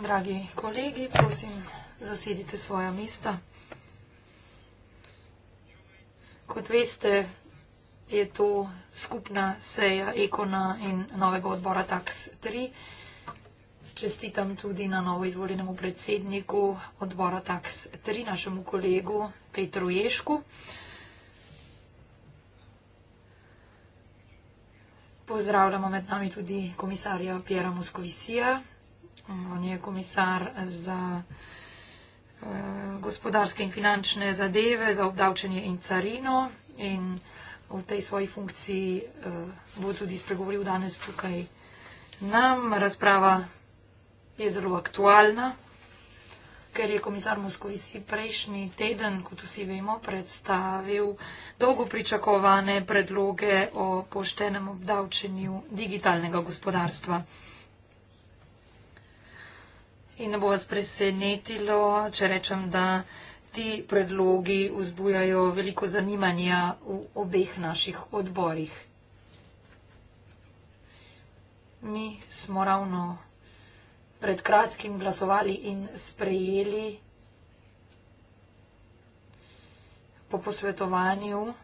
Dragi kolegi, prosim, zasedite svoja mesta. Kot veste, je to skupna seja Ekona in novega odbora TAX3. Čestitam tudi na novo izvoljenemu predsedniku odbora TAX3, našemu kolegu Petru Ješku. Pozdravljamo med nami tudi komisarja Pjera Moskovisija. On je komisar za eh, gospodarske in finančne zadeve, za obdavčenje in carino in v tej svoji funkciji eh, bo tudi spregovoril danes tukaj nam. Razprava je zelo aktualna ker je komisar Moskovici prejšnji teden, kot vsi vemo, predstavil dolgo pričakovane predloge o poštenem obdavčenju digitalnega gospodarstva. In ne bo vas presenetilo, če rečem, da ti predlogi vzbujajo veliko zanimanja v obeh naših odborih. Mi smo ravno pred kratkim glasovali in sprejeli po posvetovanju eh,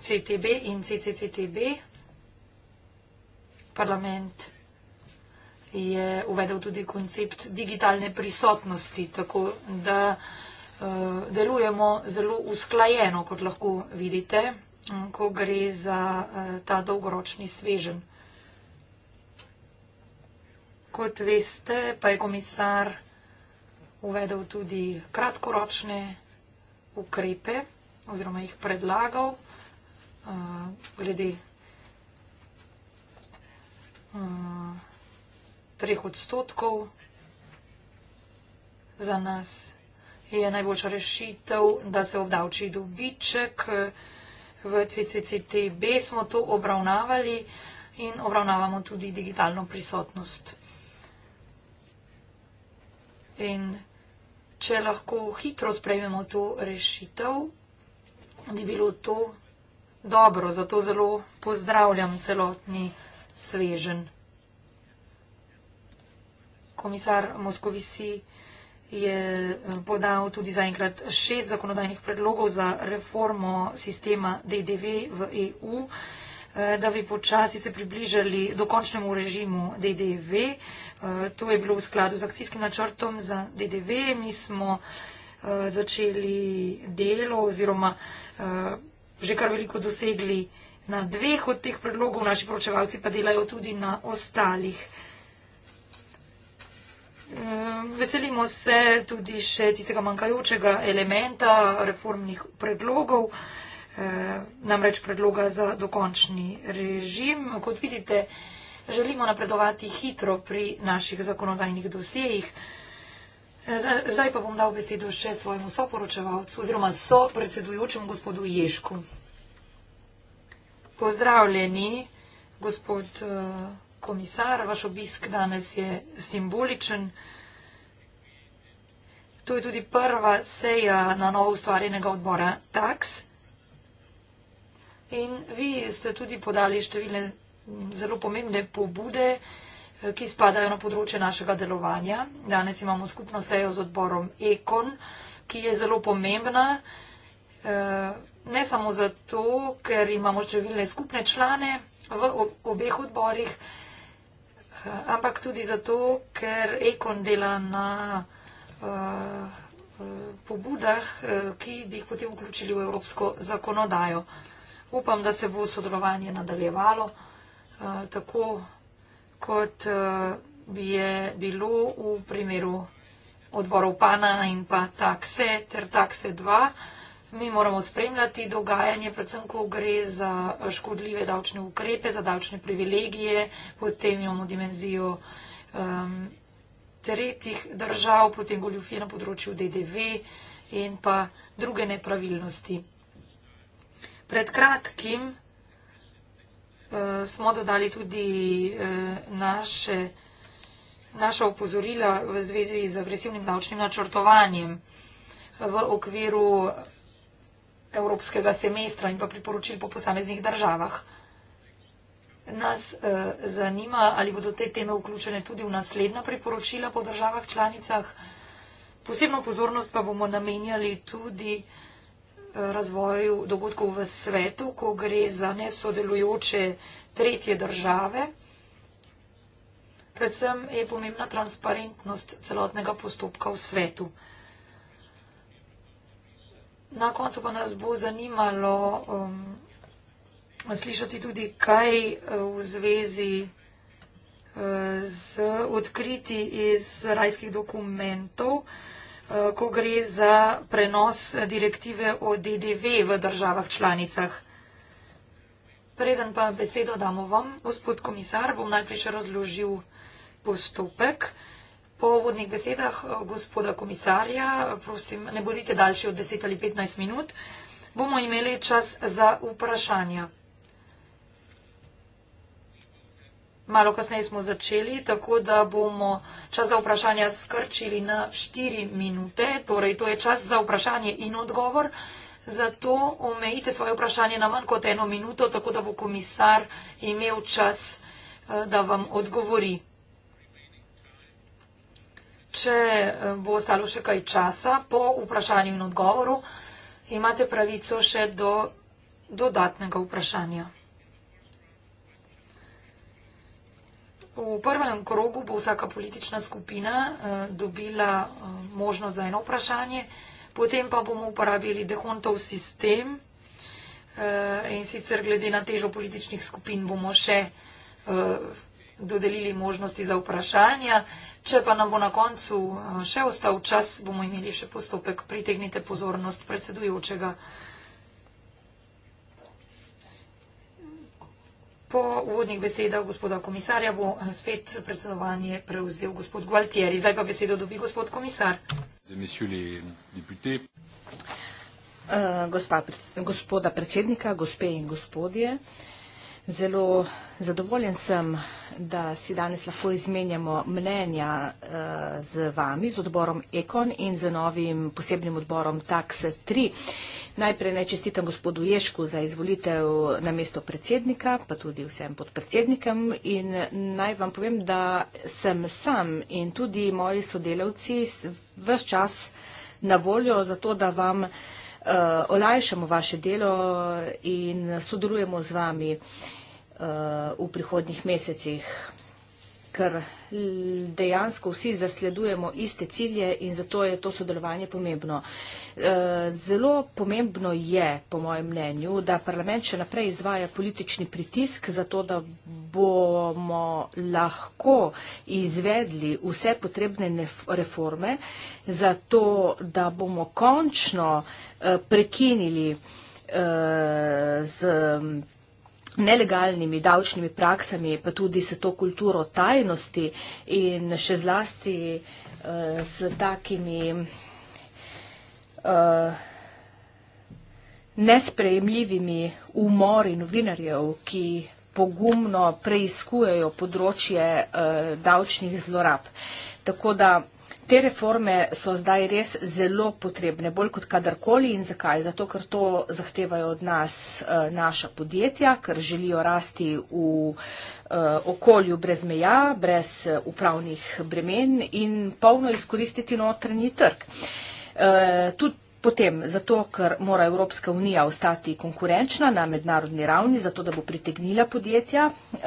CTB in CCCTB. Parlament je uvedel tudi koncept digitalne prisotnosti, tako da eh, delujemo zelo usklajeno, kot lahko vidite, ko gre za eh, ta dolgoročni svežen. Kot veste, pa je komisar uvedel tudi kratkoročne ukrepe oziroma jih predlagal uh, glede eh, treh uh, odstotkov. Za nas je najboljša rešitev, da se obdavči dobiček. Eh, v CCCTB smo to obravnavali in obravnavamo tudi digitalno prisotnost In če lahko hitro sprejmemo to rešitev, bi bilo to dobro. Zato zelo pozdravljam celotni svežen. Komisar Moskovisi je eh, podal tudi zaenkrat šest zakonodajnih predlogov za reformo sistema DDV v EU. Eh, da bi počasi se približali dokončnemu režimu DDV. Eh, to je bilo v skladu z akcijskim načrtom za DDV. Mi smo eh, začeli delo oziroma že kar veliko dosegli na dveh od teh predlogov, naši poročevalci pa delajo tudi na ostalih. Veselimo se tudi še tistega manjkajočega elementa reformnih predlogov. Eh, namreč predloga za dokončni režim. Kot vidite, želimo napredovati hitro pri naših zakonodajnih dosejih. Eh, zdaj pa bom dal besedo še svojemu soporočevalcu oziroma sopredsedujočemu gospodu Ješku. Pozdravljeni, gospod eh, komisar, vaš obisk danes je simboličen. To je tudi prva seja na novo ustvarjenega odbora TAKS. In vi ste tudi podali številne zelo pomembne pobude, eh, ki spadajo na področje našega delovanja. Danes imamo skupno sejo z odborom Ekon, ki je zelo pomembna. Eh, ne samo zato, ker imamo številne skupne člane v obeh odborih, eh, ampak tudi zato, ker Ekon dela na pobudah, ki bi jih potem vključili v evropsko zakonodajo upam, da se bo sodelovanje nadaljevalo eh, tako, kot bi eh, je bilo v primeru odborov PANA in pa takse ter takse 2. Mi moramo spremljati dogajanje, predvsem, ko gre za eh, škodljive davčne ukrepe, za davčne privilegije, potem imamo dimenzijo um, tretjih držav, potem goljufije na področju DDV in pa druge nepravilnosti. Pred kratkim uh, smo dodali tudi uh, naše, naša upozorila v zvezi z agresivnim davčnim načrtovanjem eh, v okviru evropskega semestra in pa priporočil po posameznih državah. Nas eh, zanima, ali bodo te teme vključene tudi v naslednja priporočila po državah članicah. Posebno pozornost pa bomo namenjali tudi eh, razvoju dogodkov v svetu, ko gre za nesodelujoče tretje države. Predvsem je pomembna transparentnost celotnega postopka v svetu. Na koncu pa nas bo zanimalo um, slišati tudi, kaj uh, v zvezi uh, z odkriti iz rajskih dokumentov uh, Eh, ko gre za prenos direktive o DDV v državah članicah. Preden pa besedo damo vam, gospod komisar, bom najprej še razložil postopek. Po vodnih besedah eh, gospoda komisarja, prosim, ne bodite daljši od 10 ali 15 minut, bomo imeli čas za vprašanja. Malo kasneje smo začeli, tako da bomo čas za vprašanja skrčili na 4 minute, torej to je čas za vprašanje in odgovor. Zato omejite svoje vprašanje na manj kot eno minuto, tako da bo komisar imel čas, eh, da vam odgovori. Če eh, bo ostalo še kaj časa po vprašanju in odgovoru, imate pravico še do dodatnega vprašanja. V prvem krogu bo vsaka politična skupina eh, dobila eh, možnost za eno vprašanje, potem pa bomo uporabili dehontov sistem eh, in sicer glede na težo političnih skupin bomo še dodelili možnosti za vprašanja. Če pa nam bo na koncu še ostal čas, bomo imeli še postopek, pritegnite pozornost predsedujočega. Po uvodnih besedah gospoda komisarja bo spet predsedovanje prevzel gospod Gualtieri. Zdaj pa besedo dobi gospod komisar. Uh, gospa, gospoda predsednika, gospe in gospodje. Uh, Zelo zadovoljen sem, da si danes lahko izmenjamo mnenja eh, z vami, z odborom Ekon in z novim posebnim odborom TAX3. Najprej naj čestitam gospodu Ješku za izvolitev na mesto predsednika, pa tudi vsem podpredsednikom in naj vam povem, da sem sam in tudi moji sodelavci vse čas na voljo za to, da vam Eh, olajšamo vaše delo in sodelujemo z vami eh, v prihodnjih mesecih ker dejansko vsi zasledujemo iste cilje in zato je to sodelovanje pomembno. Eh, zelo pomembno je, po mojem mnenju, da parlament še naprej izvaja politični pritisk za to, da bomo lahko izvedli vse potrebne reforme, za to, da bomo končno eh, prekinili eh, z nelegalnimi davčnimi praksami, pa tudi s to kulturo tajnosti in še zlasti eh, s takimi eh, nesprejemljivimi umori novinarjev, ki pogumno preiskujejo področje eh, davčnih zlorab. Tako da Te reforme so zdaj res zelo potrebne, bolj kot kadarkoli in zakaj? Zato, ker to zahtevajo od nas eh, naša podjetja, ker želijo rasti v eh, okolju brez meja, brez eh, upravnih bremen in polno izkoristiti notranji trg. Tudi Potem, zato, ker mora Evropska unija ostati konkurenčna na mednarodni ravni, zato, da bo pritegnila podjetja eh,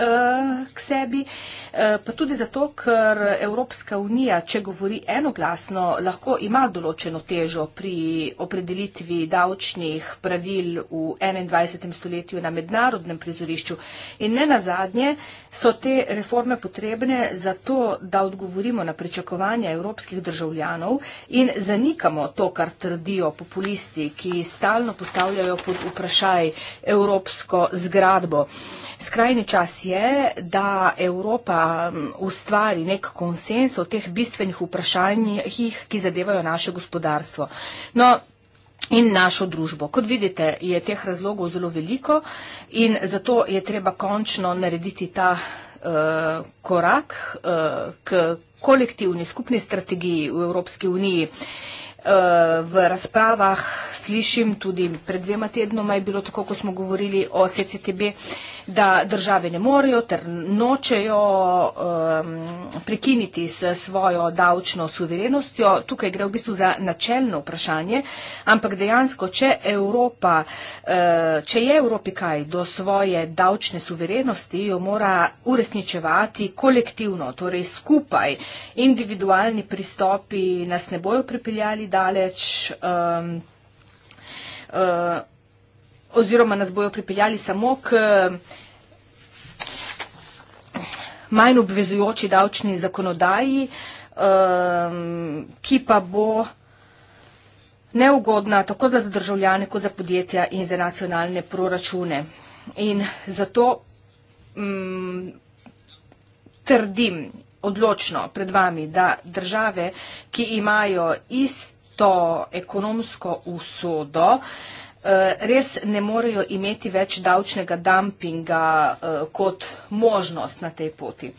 k sebi, eh, pa tudi zato, ker Evropska unija, če govori enoglasno, lahko ima določeno težo pri opredelitvi davčnih pravil v 21. stoletju na mednarodnem prizorišču. In ne na zadnje, so te reforme potrebne zato, da odgovorimo na pričakovanja evropskih državljanov in zanikamo to, kar trdijo vodijo populisti, ki stalno postavljajo pod vprašaj evropsko zgradbo. Skrajni čas je, da Evropa ustvari nek konsens o teh bistvenih vprašanjih, ki zadevajo naše gospodarstvo. No, In našo družbo. Kot vidite, je teh razlogov zelo veliko in zato je treba končno narediti ta uh, korak uh, k kolektivni skupni strategiji v Evropski uniji. Uh, v razpravah slišim, tudi pred dvema tednoma je bilo tako, ko smo govorili o CCTB, uh, da države ne morejo ter nočejo um, prekiniti s svojo davčno suverenostjo. Tukaj gre v bistvu za načelno vprašanje, ampak dejansko, če, Evropa, uh, če je Evropi kaj do svoje davčne suverenosti, jo mora uresničevati kolektivno, torej skupaj. Individualni pristopi nas ne bojo pripeljali daleč. Um, uh, oziroma nas bojo pripeljali samo k manj obvezujoči davčni zakonodaji, ehm, ki pa bo neugodna tako za državljane kot za podjetja in za nacionalne proračune. In zato mm, trdim odločno pred vami, da države, ki imajo isto ekonomsko usodo, Eh, res ne morejo imeti več davčnega dumpinga eh, kot možnost na tej poti.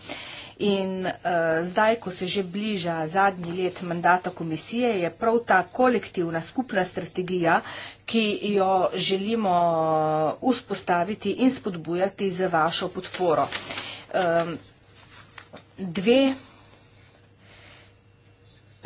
In uh, zdaj, ko se že bliža zadnji let mandata komisije, je prav ta kolektivna skupna strategija, ki jo želimo vzpostaviti in spodbujati z vašo podporo. Um, dve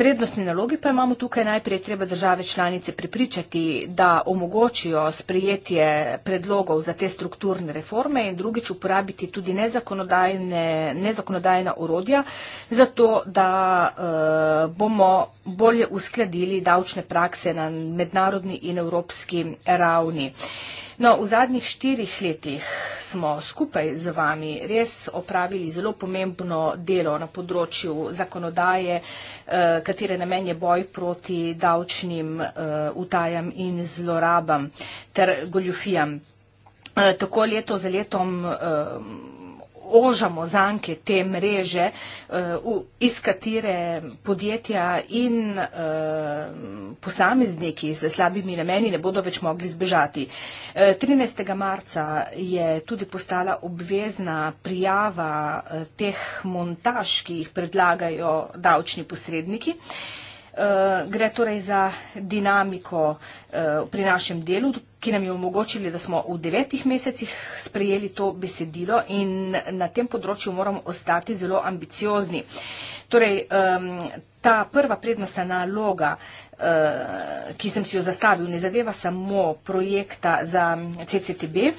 Prednostni nalogi pa imamo tukaj najprej treba države članice pripričati, da omogočijo sprejetje predlogov za te strukturne reforme in drugič uporabiti tudi nezakonodajne, nezakonodajna urodja, zato da uh, bomo bolje uskladili davčne prakse na mednarodni in evropski ravni. Uh, No, v zadnjih štirih letih smo skupaj z vami res opravili zelo pomembno delo na področju zakonodaje, eh, katere namen je boj proti davčnim eh, utajam in zlorabam ter goljufijam. Eh, tako leto za letom ožamo zanke te mreže, eh, iz katere podjetja in eh, posamezniki z slabimi nameni ne bodo več mogli zbežati. 13. Eh, marca je tudi postala obvezna prijava teh montaž, ki jih predlagajo davčni posredniki. Eh, gre torej za dinamiko eh, pri našem delu, ki nam je omogočili, da smo v devetih mesecih sprejeli to besedilo in na tem področju moramo ostati zelo ambiciozni. Torej, ta prva prednostna naloga, eh, ki sem si jo zastavil, ne zadeva samo projekta za CCTB,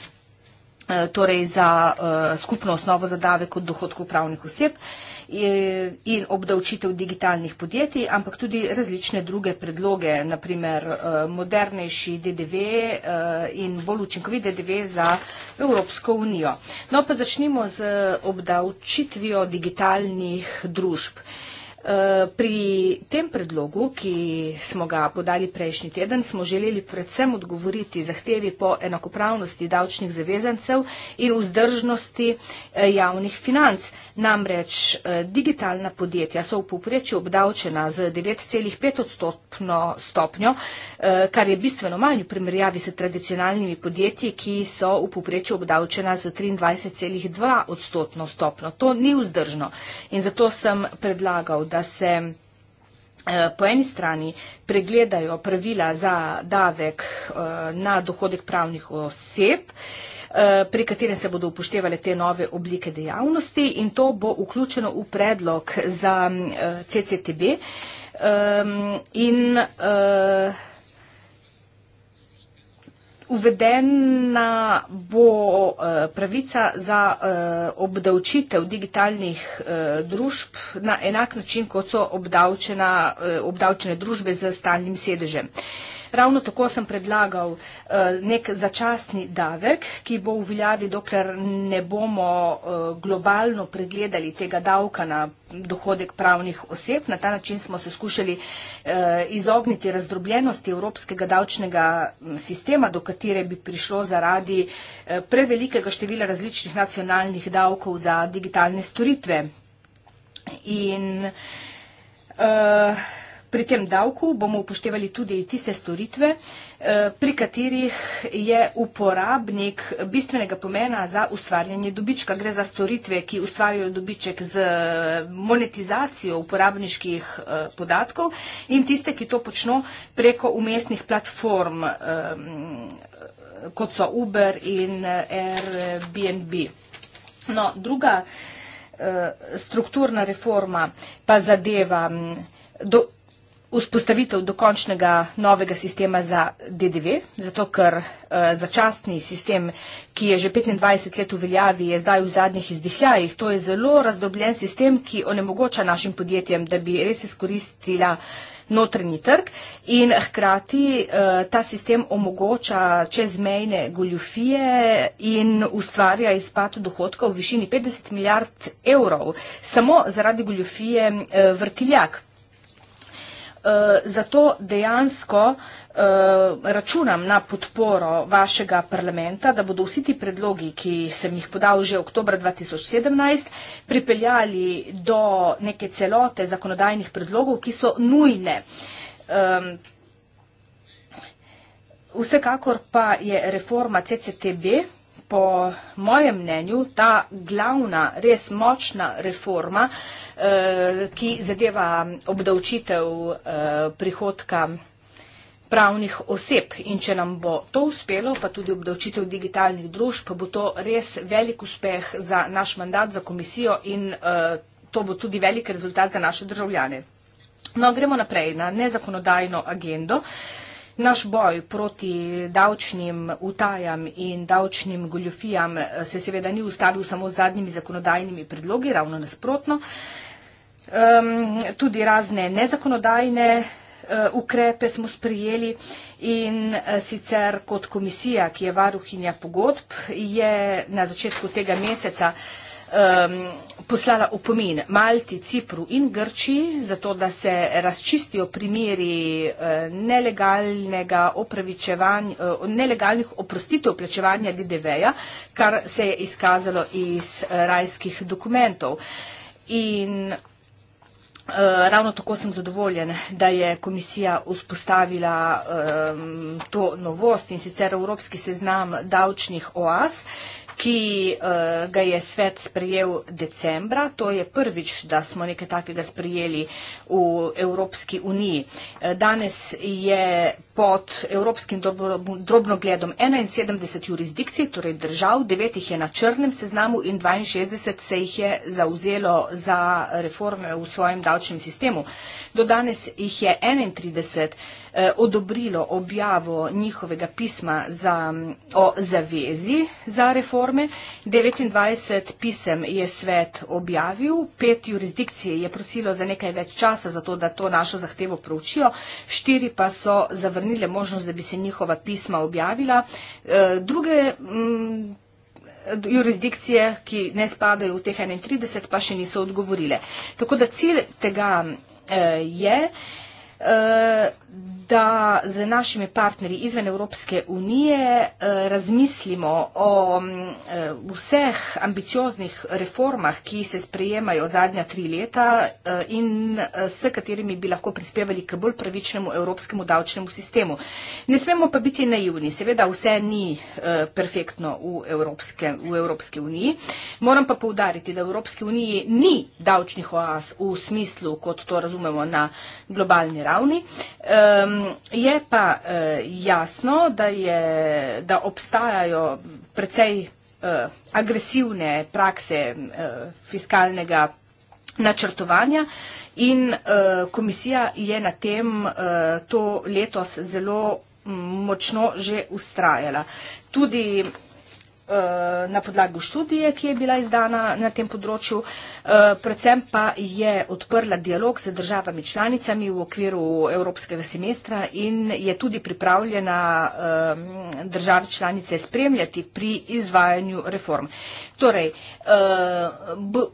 Eh, torej za eh, skupno osnovo za davek od dohodkov pravnih oseb eh, in obdavčitev digitalnih podjetij, ampak tudi različne druge predloge, naprimer modernejši DDV in bolj učinkovit DDV za Evropsko unijo. No pa začnimo z obdavčitvijo digitalnih družb. Eh, pri tem predlogu, ki smo ga podali prejšnji teden, smo želeli predvsem odgovoriti zahtevi po enakopravnosti davčnih zavezancev in vzdržnosti eh, javnih financ. Namreč eh, digitalna podjetja so v poprečju obdavčena z 9,5 odstotno stopnjo, kar je bistveno manj v primerjavi s tradicionalnimi podjetji, ki so v poprečju obdavčena z 23,2 odstotno stopnjo. To ni vzdržno. In zato sem predlagal, da se eh, po eni strani pregledajo pravila za davek eh, na dohodek pravnih oseb, eh, pri katerem se bodo upoštevale te nove oblike dejavnosti in to bo vključeno v predlog za CCTB. Ehm, in, Uvedena bo eh, pravica za eh, obdavčitev digitalnih eh, družb na enak način, kot so obdavčene družbe z stalnim sedežem. Ravno tako sem predlagal eh, nek začasni davek, ki bo uveljavi, dokler ne bomo eh, globalno pregledali tega davka na dohodek pravnih oseb. Na ta način smo se skušali eh, izogniti razdrobljenosti evropskega davčnega sistema, do katere bi prišlo zaradi prevelikega števila različnih nacionalnih davkov za digitalne storitve. In uh, Pri tem davku bomo upoštevali tudi tiste storitve, eh, pri katerih je uporabnik bistvenega pomena za ustvarjanje dobička. Gre za storitve, ki ustvarjajo dobiček z eh, monetizacijo uporabniških eh, podatkov in tiste, ki to počno preko umestnih platform, kot so Uber in Airbnb. No, druga strukturna reforma pa zadeva mm, do Vzpostavitev dokončnega novega sistema za DDV, zato ker uh, začasni sistem, ki je že 25 let v veljavi, je zdaj v zadnjih izdihljajih. To je zelo razdobljen sistem, ki onemogoča našim podjetjem, da bi res izkoristila notrni trg in hkrati uh, ta sistem omogoča čezmejne goljufije in ustvarja izpad dohodkov v višini 50 milijard evrov samo zaradi goljufije uh, vrtiljak. Eh, zato dejansko uh, računam na podporo vašega parlamenta, da bodo vsi ti predlogi, ki sem jih podal že oktober 2017, pripeljali do neke celote zakonodajnih predlogov, ki so nujne. Um, vsekakor pa je reforma CCTB po mojem mnenju ta glavna, res močna reforma, eh, ki zadeva obdavčitev eh, prihodka pravnih oseb in če nam bo to uspelo, pa tudi obdavčitev digitalnih družb, bo to res velik uspeh za naš mandat, za komisijo in eh, to bo tudi velik rezultat za naše državljane. No, gremo naprej na nezakonodajno agendo. Uh, Naš boj proti davčnim utajam in davčnim goljofijam eh, se seveda ni ustavil samo z zadnjimi zakonodajnimi predlogi, ravno nasprotno. Um, tudi razne nezakonodajne eh, ukrepe smo sprijeli in eh, sicer kot komisija, ki je varuhinja pogodb, je na začetku tega meseca uh, um, poslala opomin Malti, Cipru in Grčiji, zato da se razčistijo primeri uh, uh, nelegalnih oprostitev plačevanja DDV-ja, kar se je izkazalo iz uh, rajskih dokumentov. In ravno tako sem zadovoljen, da je komisija vzpostavila um, to novost in sicer Evropski seznam davčnih oaz, ki uh, ga je svet sprejel decembra. To je prvič, da smo nekaj takega sprejeli v Evropski uniji. Eh, danes je pod evropskim drobno, drobnogledom 71 jurisdikcij, torej držav, 9 jih je na črnem seznamu in 62 se jih je zauzelo za reforme v svojem davčnem sistemu. Do danes jih je 31 eh, odobrilo objavo njihovega pisma za, mm, o zavezi za reforme reforme. 29 pisem je svet objavil, pet jurisdikcije je prosilo za nekaj več časa, zato da to našo zahtevo proučijo, štiri pa so zavrnile možnost, da bi se njihova pisma objavila. E, druge mm, jurisdikcije, ki ne spadajo v teh 31, pa še niso odgovorile. Tako da cilj tega e, je, Eh, da z našimi partnerji izven Evropske unije eh, razmislimo o mm, eh, vseh ambicioznih reformah, ki se sprejemajo zadnja tri leta in s katerimi bi lahko prispevali k bolj pravičnemu evropskemu davčnemu sistemu. Ne smemo pa biti naivni. Seveda vse ni perfektno v Evropske, v Evropske uniji. Moram pa povdariti, da v Evropske uniji ni davčnih oaz v smislu, kot to razumemo na globalni ravni ravni. Um, je pa uh, jasno, da, je, da obstajajo precej uh, agresivne prakse uh, fiskalnega načrtovanja in uh, komisija je na tem uh, to letos zelo močno že ustrajala. Tudi Eh, na podlagi študije, ki je bila izdana na tem področju, eh, predvsem pa je odprla dialog z državami članicami v okviru evropskega semestra in je tudi pripravljena eh, države članice spremljati pri izvajanju reform. Torej,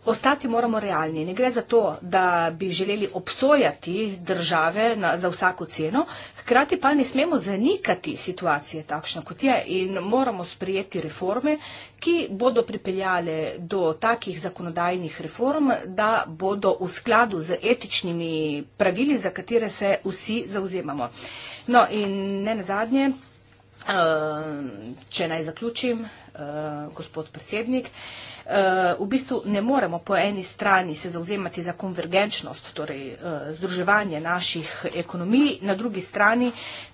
ostati moramo realni. Ne gre za to, da bi želeli obsojati države za vsako ceno, hkrati pa ne smemo zanikati situacije takšno, kot je in moramo sprijeti reforme, rešitve, ki bodo pripeljale do takih zakonodajnih reform, da bodo v skladu z etičnimi pravili, za katere se vsi zauzemamo. No in ne nazadnje, eh, če naj zaključim, eh, gospod predsednik, Eh, v bistvu ne moremo po eni strani se zauzemati za konvergenčnost, torej eh, združevanje naših ekonomij, na drugi strani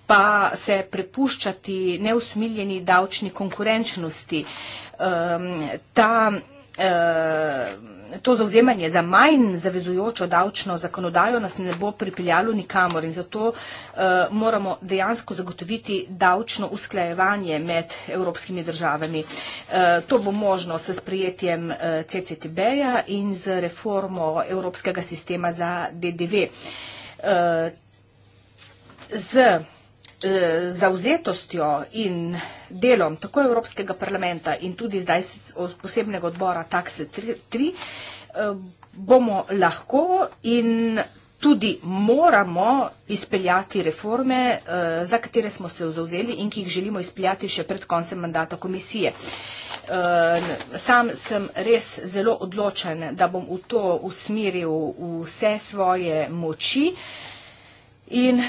pa se prepuščati neusmiljeni davčni konkurenčnosti. Ta eh, to zauzemanje za manj zavezujočo davčno zakonodajo nas ne bo pripeljalo nikamor in zato uh, moramo dejansko zagotoviti davčno usklajevanje med evropskimi državami. Uh, to bo možno s sprejetjem uh, eh, CCTB-ja in z reformo evropskega sistema za DDV. Uh, Eh, zauzetostjo in delom tako Evropskega parlamenta in tudi zdaj posebnega odbora takse 3 eh, bomo lahko in tudi moramo izpeljati reforme, eh, za katere smo se zauzeli in ki jih želimo izpeljati še pred koncem mandata komisije. Sam sem res zelo odločen, da bom v to usmeril vse svoje moči in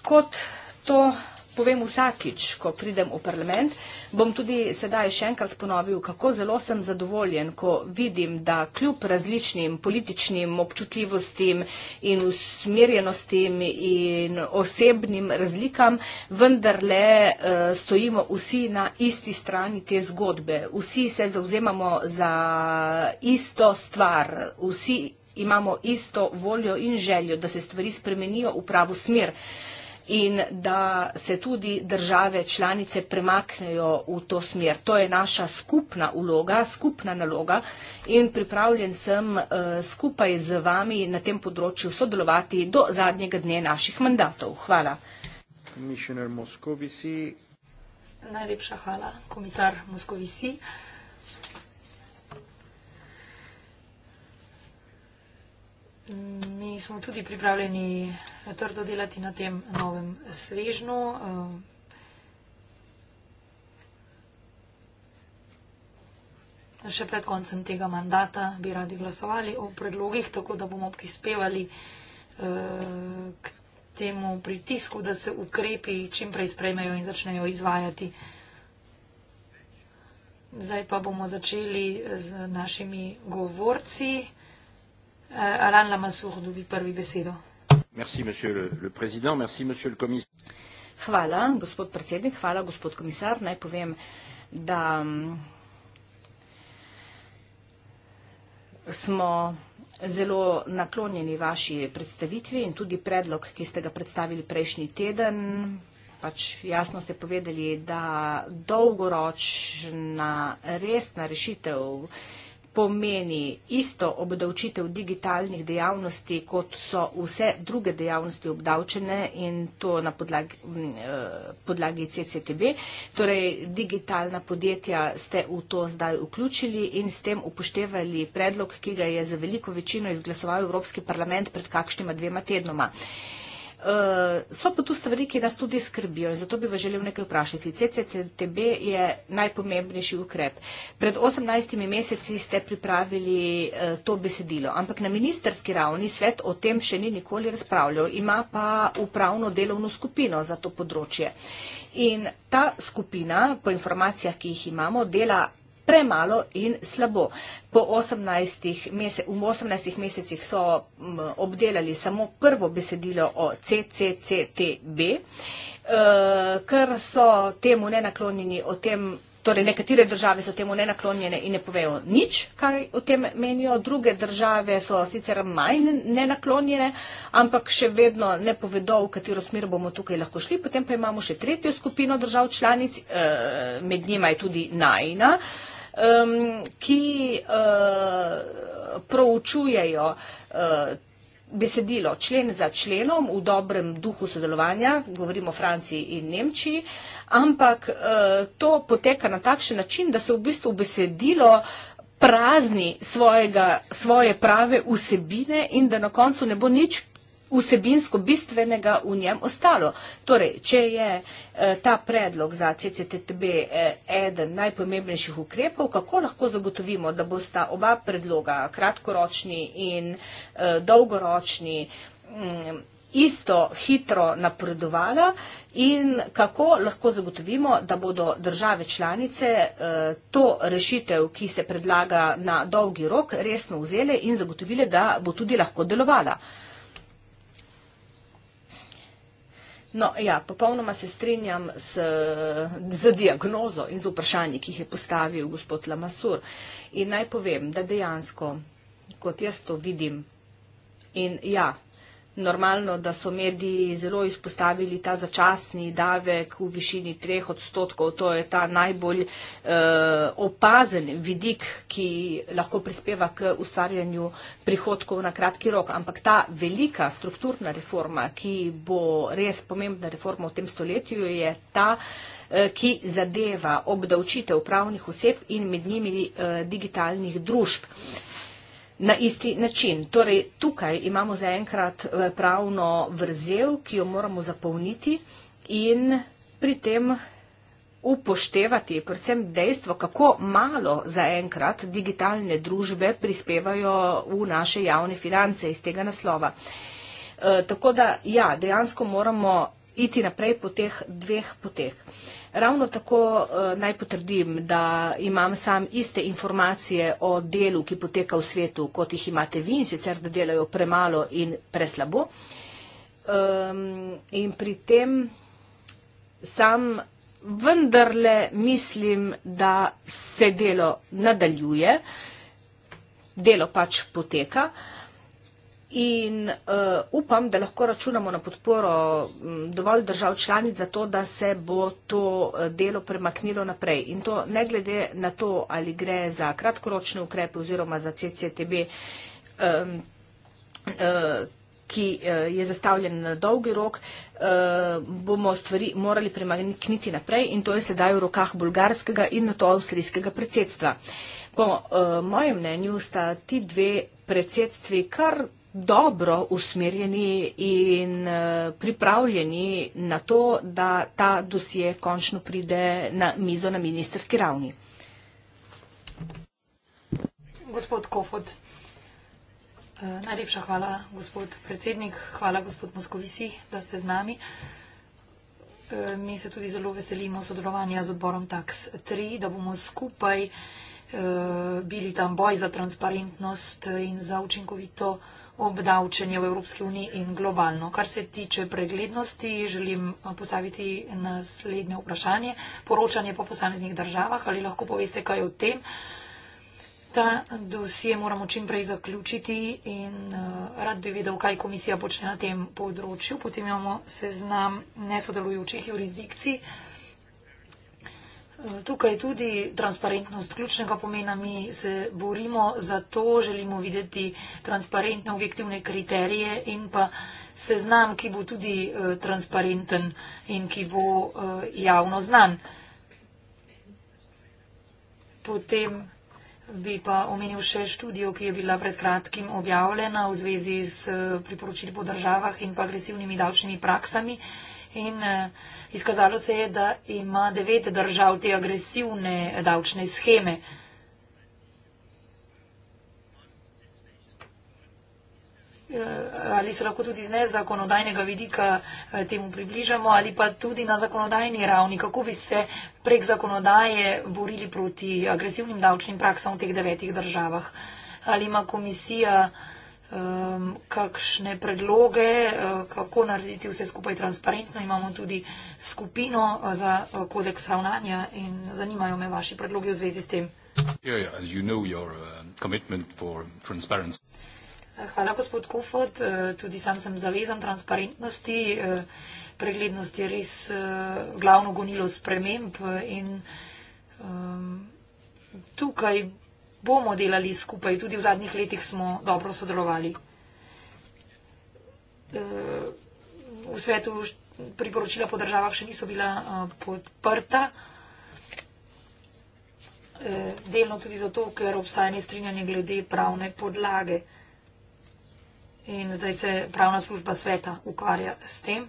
kot to povem vsakič, ko pridem v parlament, bom tudi sedaj še enkrat ponovil, kako zelo sem zadovoljen, ko vidim, da kljub različnim političnim občutljivostim in usmerjenostim in osebnim razlikam, vendarle eh, stojimo vsi na isti strani te zgodbe. Vsi se zauzemamo za isto stvar, vsi imamo isto voljo in željo, da se stvari spremenijo v pravo smer in da se tudi države članice premaknejo v to smer. To je naša skupna uloga, skupna naloga in pripravljen sem eh, skupaj z vami na tem področju sodelovati do zadnjega dne naših mandatov. Hvala. Najlepša hvala, komisar Moskovici. mi smo tudi pripravljeni trdo delati na tem novem svežnu. Ehm, še pred koncem tega mandata bi radi glasovali o predlogih, tako da bomo prispevali ehm, k temu pritisku, da se ukrepi čim prej spremejo in začnejo izvajati. Zdaj pa bomo začeli z našimi govorci. Eh, Alain Lamassour dobi prvi besedo. Merci, le, le Merci, le hvala, gospod predsednik, hvala, gospod komisar. Naj povem, da mm, smo zelo naklonjeni vaši predstavitvi in tudi predlog, ki ste ga predstavili prejšnji teden, pač jasno ste povedali, da dolgoročna resna rešitev pomeni isto obdavčitev digitalnih dejavnosti, kot so vse druge dejavnosti obdavčene in to na podlagi, eh, podlagi CCTB. Torej, digitalna podjetja ste v to zdaj vključili in s tem upoštevali predlog, ki ga je za veliko večino izglasoval Evropski parlament pred kakšnima dvema tednoma. Eh, so pa tu stvari, ki nas tudi skrbijo in zato bi vas želel nekaj vprašati. CCCTB je najpomembnejši ukrep. Pred 18 meseci ste pripravili uh, to besedilo, ampak na ministerski ravni svet o tem še ni nikoli razpravljal, ima pa upravno delovno skupino za to področje. In ta skupina, po informacijah, ki jih imamo, dela premalo in slabo. Po 18 mesec, v 18 mesecih so obdelali samo prvo besedilo o CCCTB, eh, ker so temu nenaklonjeni o tem. Torej, nekatere države so temu nenaklonjene in ne povejo nič, kaj o tem menijo, druge države so sicer manj nenaklonjene, ampak še vedno ne povedo, v katero smer bomo tukaj lahko šli. Potem pa imamo še tretjo skupino držav članic, eh, med njima je tudi najna um, ki uh, proučujejo uh, besedilo člen za členom v dobrem duhu sodelovanja, govorimo o Franciji in Nemčiji, ampak uh, to poteka na takšen način, da se v bistvu besedilo prazni svojega, svoje prave vsebine in da na koncu ne bo nič vsebinsko bistvenega v njem ostalo. Torej, če je eh, ta predlog za CCTB eh, eden najpomembnejših ukrepov, kako lahko zagotovimo, da bosta oba predloga, kratkoročni in eh, dolgoročni, mm, isto hitro napredovala in kako lahko zagotovimo, da bodo države članice to rešitev, ki se predlaga na dolgi rok, resno vzele in zagotovile, da bo tudi lahko delovala. No, ja, popolnoma se strinjam z, z diagnozo in z vprašanji, ki jih je postavil gospod Lamasur. In naj povem, da dejansko, kot jaz to vidim, in ja, Normalno, da so mediji zelo izpostavili ta začasni davek v višini treh odstotkov. To je ta najbolj uh, opazen vidik, ki lahko prispeva k ustvarjanju prihodkov na kratki rok. Ampak ta velika strukturna reforma, ki bo res pomembna reforma v tem stoletju, je ta, uh, ki zadeva obdavčitev pravnih oseb in med njimi uh, digitalnih družb. Uh, na isti način. Torej, tukaj imamo zaenkrat eh, pravno vrzel, ki jo moramo zapolniti in pri tem upoštevati predvsem dejstvo, kako malo zaenkrat digitalne družbe prispevajo v naše javne finance iz tega naslova. E, tako da, ja, dejansko moramo iti naprej po teh dveh poteh. Ravno tako uh, naj potrdim, da imam sam iste informacije o delu, ki poteka v svetu, kot jih imate vi in sicer, da delajo premalo in preslabo. Um, in pri tem sam vendarle mislim, da se delo nadaljuje, delo pač poteka. Uh, In uh, upam, da lahko računamo na podporo um, dovolj držav članic za to, da se bo to eh, delo premaknilo naprej. In to ne glede na to, ali gre za kratkoročne ukrepe oziroma za CCTB, um, uh, eh, ki uh, je zastavljen na dolgi rok, uh, bomo stvari morali premakniti naprej in to je sedaj v rokah bulgarskega in na to avstrijskega predsedstva. Po uh, mojem mnenju sta ti dve predsedstvi kar dobro usmerjeni in eh, pripravljeni na to, da ta dosje končno pride na mizo na ministerski ravni. Gospod Kofod, eh, najlepša hvala, gospod predsednik, hvala, gospod Moskovisi, da ste z nami. Eh, mi se tudi zelo veselimo sodelovanja z odborom TAX3, da bomo skupaj bili tam boj za transparentnost in za učinkovito obdavčenje v Evropski uniji in globalno. Kar se tiče preglednosti, želim eh, postaviti naslednje vprašanje. Poročanje po posameznih državah, ali lahko poveste kaj o tem? Ta dosije moramo čim prej zaključiti in uh, rad bi vedel, kaj komisija počne na tem področju. Potem imamo seznam nesodelujočih jurisdikcij. Tukaj je tudi transparentnost ključnega pomena. Mi se borimo za to, želimo videti transparentne, objektivne kriterije in pa seznam, ki bo tudi eh, transparenten in ki bo eh, javno znan. Potem bi pa omenil še študijo, ki je bila pred kratkim objavljena v zvezi s eh, priporočili po državah in pa agresivnimi davčnimi praksami. In, eh, Izkazalo se je, da ima devet držav te agresivne davčne scheme. Ali se lahko tudi z nezakonodajnega vidika eh, temu približamo ali pa tudi na zakonodajni ravni, kako bi se prek zakonodaje borili proti agresivnim davčnim praksam v teh devetih državah? Ali ima komisija uh, um, kakšne predloge, uh, kako narediti vse skupaj transparentno. Imamo tudi skupino uh, za uh, kodeks ravnanja in zanimajo me vaši predlogi v zvezi s tem. Uh, hvala, gospod Kofod. Tudi sam sem zavezan transparentnosti. Preglednost je res glavno gonilo sprememb in um, tukaj bomo delali skupaj, tudi v zadnjih letih smo dobro sodelovali. E, v svetu priporočila po državah še niso bila e, podprta. E, delno tudi zato, ker obstaja nestrinjanje glede pravne podlage. In zdaj se pravna služba sveta ukvarja s tem.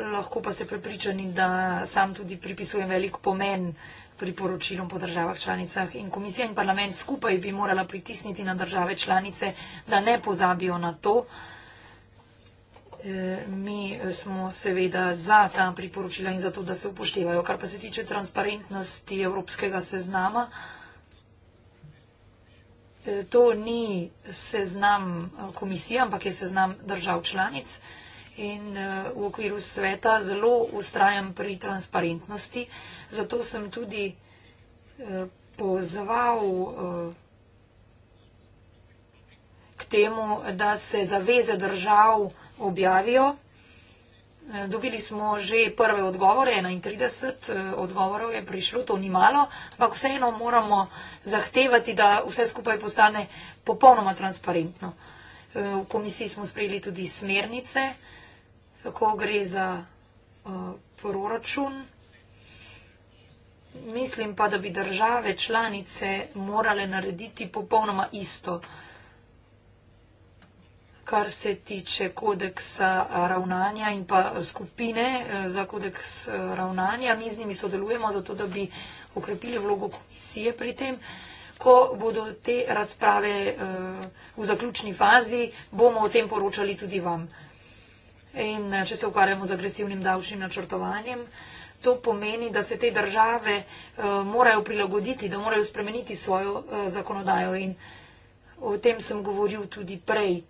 Lahko pa ste prepričani, da sam tudi pripisujem velik pomen priporočilom po državah članicah in komisija in parlament skupaj bi morala pritisniti na države članice, da ne pozabijo na to. Eh, mi smo seveda za ta priporočila in za to, da se upoštevajo. Kar pa se tiče transparentnosti evropskega seznama, eh, to ni seznam eh, komisije, ampak je seznam držav članic in eh, v okviru sveta zelo ustrajam pri transparentnosti. Zato sem tudi eh, pozval eh, k temu, da se zaveze držav objavijo. Dobili smo že prve odgovore, 31 odgovorov je prišlo, to ni malo, ampak vseeno moramo zahtevati, da vse skupaj postane popolnoma transparentno. V komisiji smo sprejeli tudi smernice, ko gre za uh, proračun. Mislim pa, da bi države članice morale narediti popolnoma isto, kar se tiče kodeksa ravnanja in pa skupine eh, za kodeks eh, ravnanja. Mi z njimi sodelujemo, zato da bi okrepili vlogo komisije pri tem. Ko bodo te razprave eh, v zaključni fazi, bomo o tem poročali tudi vam. In eh, če se ukvarjamo z agresivnim davčnim načrtovanjem, to pomeni, da se te države eh, morajo prilagoditi, da morajo spremeniti svojo eh, zakonodajo. In o tem sem govoril tudi prej.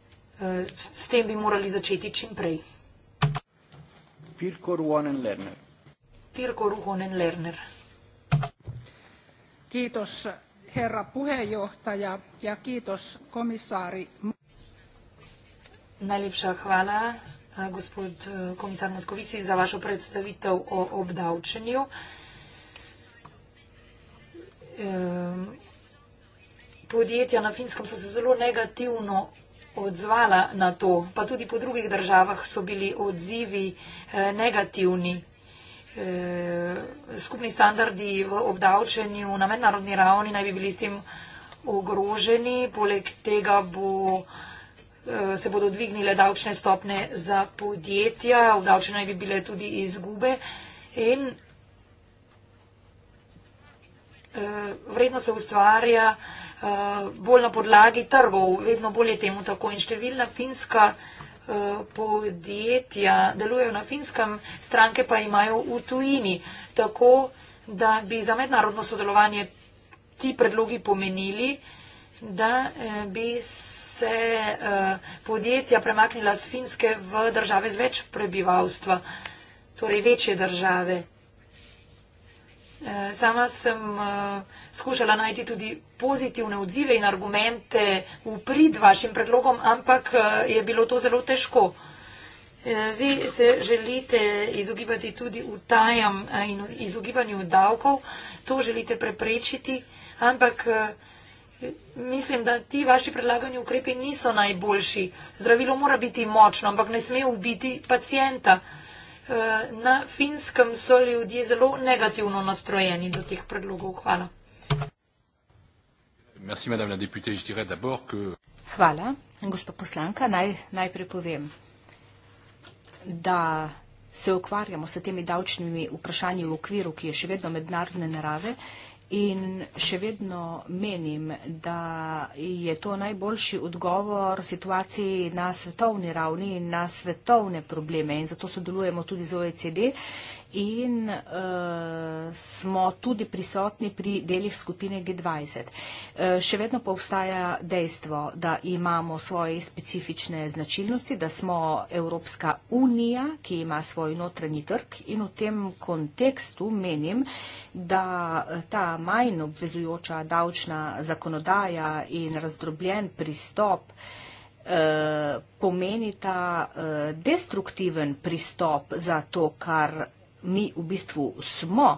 S tem bi morali začeti čim prej. Pirko Ruonen Lerner. Pirko Ruonen Lerner. Kiitos, herra puhejohtaja, ja kiitos, komisari. Najlepša hvala, Eh, gospod eh, komisar Moskovici, za vašo predstavitev o obdavčenju. Podjetja na Finskem so se zelo negativno odzvala na to, pa tudi po drugih državah so bili odzivi eh, negativni. Skupni standardi v obdavčenju na mednarodni ravni naj bi bili s tem ogroženi, poleg tega bo Eh, se bodo dvignile davčne stopne za podjetja, obdavčene naj bi bile tudi izgube in eh, vredno se ustvarja eh, bolj na podlagi trgov, vedno bolje temu tako in številna finska podjetja delujejo na finskem, stranke pa imajo v tujini, tako da bi za mednarodno sodelovanje ti predlogi pomenili, da bi da eh, bi se eh, podjetja premaknila z Finske v države z več prebivalstva, torej večje države. Eh, sama sem skušala najti tudi pozitivne odzive in argumente v prid vašim predlogom, ampak je bilo to zelo težko. Vi se želite izogibati tudi v tajam in izogibanju davkov, to želite preprečiti, ampak Mislim, da ti vaši predlagani ukrepi niso najboljši. Zdravilo mora biti močno, ampak ne sme ubiti pacijenta. Eh, na finskem so ljudje zelo negativno nastrojeni do teh predlogov. Hvala. Hvala, gospod poslanka. Naj, najprej povem, da se ukvarjamo s temi davčnimi vprašanji v okviru, ki je še vedno mednarodne narave. In še vedno menim, da je to najboljši odgovor situaciji na svetovni ravni in na svetovne probleme. In zato sodelujemo tudi z OECD in uh, smo tudi prisotni pri delih skupine G20. Uh, eh, še vedno pa obstaja dejstvo, da imamo svoje specifične značilnosti, da smo Evropska unija, ki ima svoj notranji trg in v tem kontekstu menim, da eh, ta manj obvezujoča davčna zakonodaja in razdrobljen pristop pomenita destruktiven pristop za to, kar mi v bistvu smo,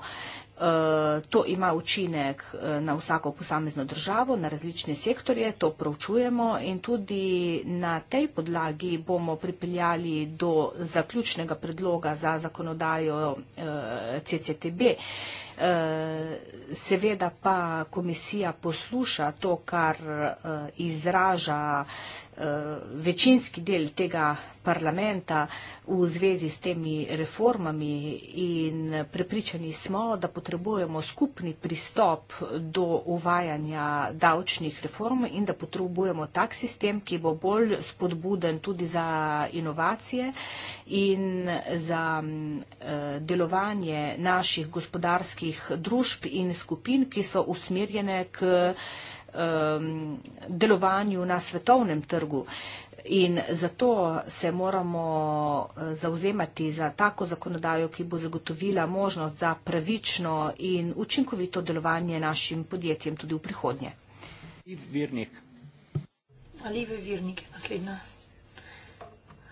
eh, to ima učinek eh, na vsako posamezno državo, na različne sektorje, to pravčujemo in tudi na tej podlagi bomo pripeljali do zaključnega predloga za zakonodajo eh, CCTB. Seveda pa komisija posluša to, kar izraža Eh, večinski del tega parlamenta v zvezi s temi reformami in prepričani smo, da potrebujemo skupni pristop do uvajanja davčnih reform in da potrebujemo tak sistem, ki bo bolj spodbuden tudi za inovacije in za eh, delovanje naših gospodarskih družb in skupin, ki so usmerjene k um, delovanju na svetovnem trgu. In zato se moramo uh, zauzemati za tako zakonodajo, ki bo zagotovila možnost za pravično in učinkovito delovanje našim podjetjem tudi v prihodnje. Virnik. Alive Virnik, naslednja.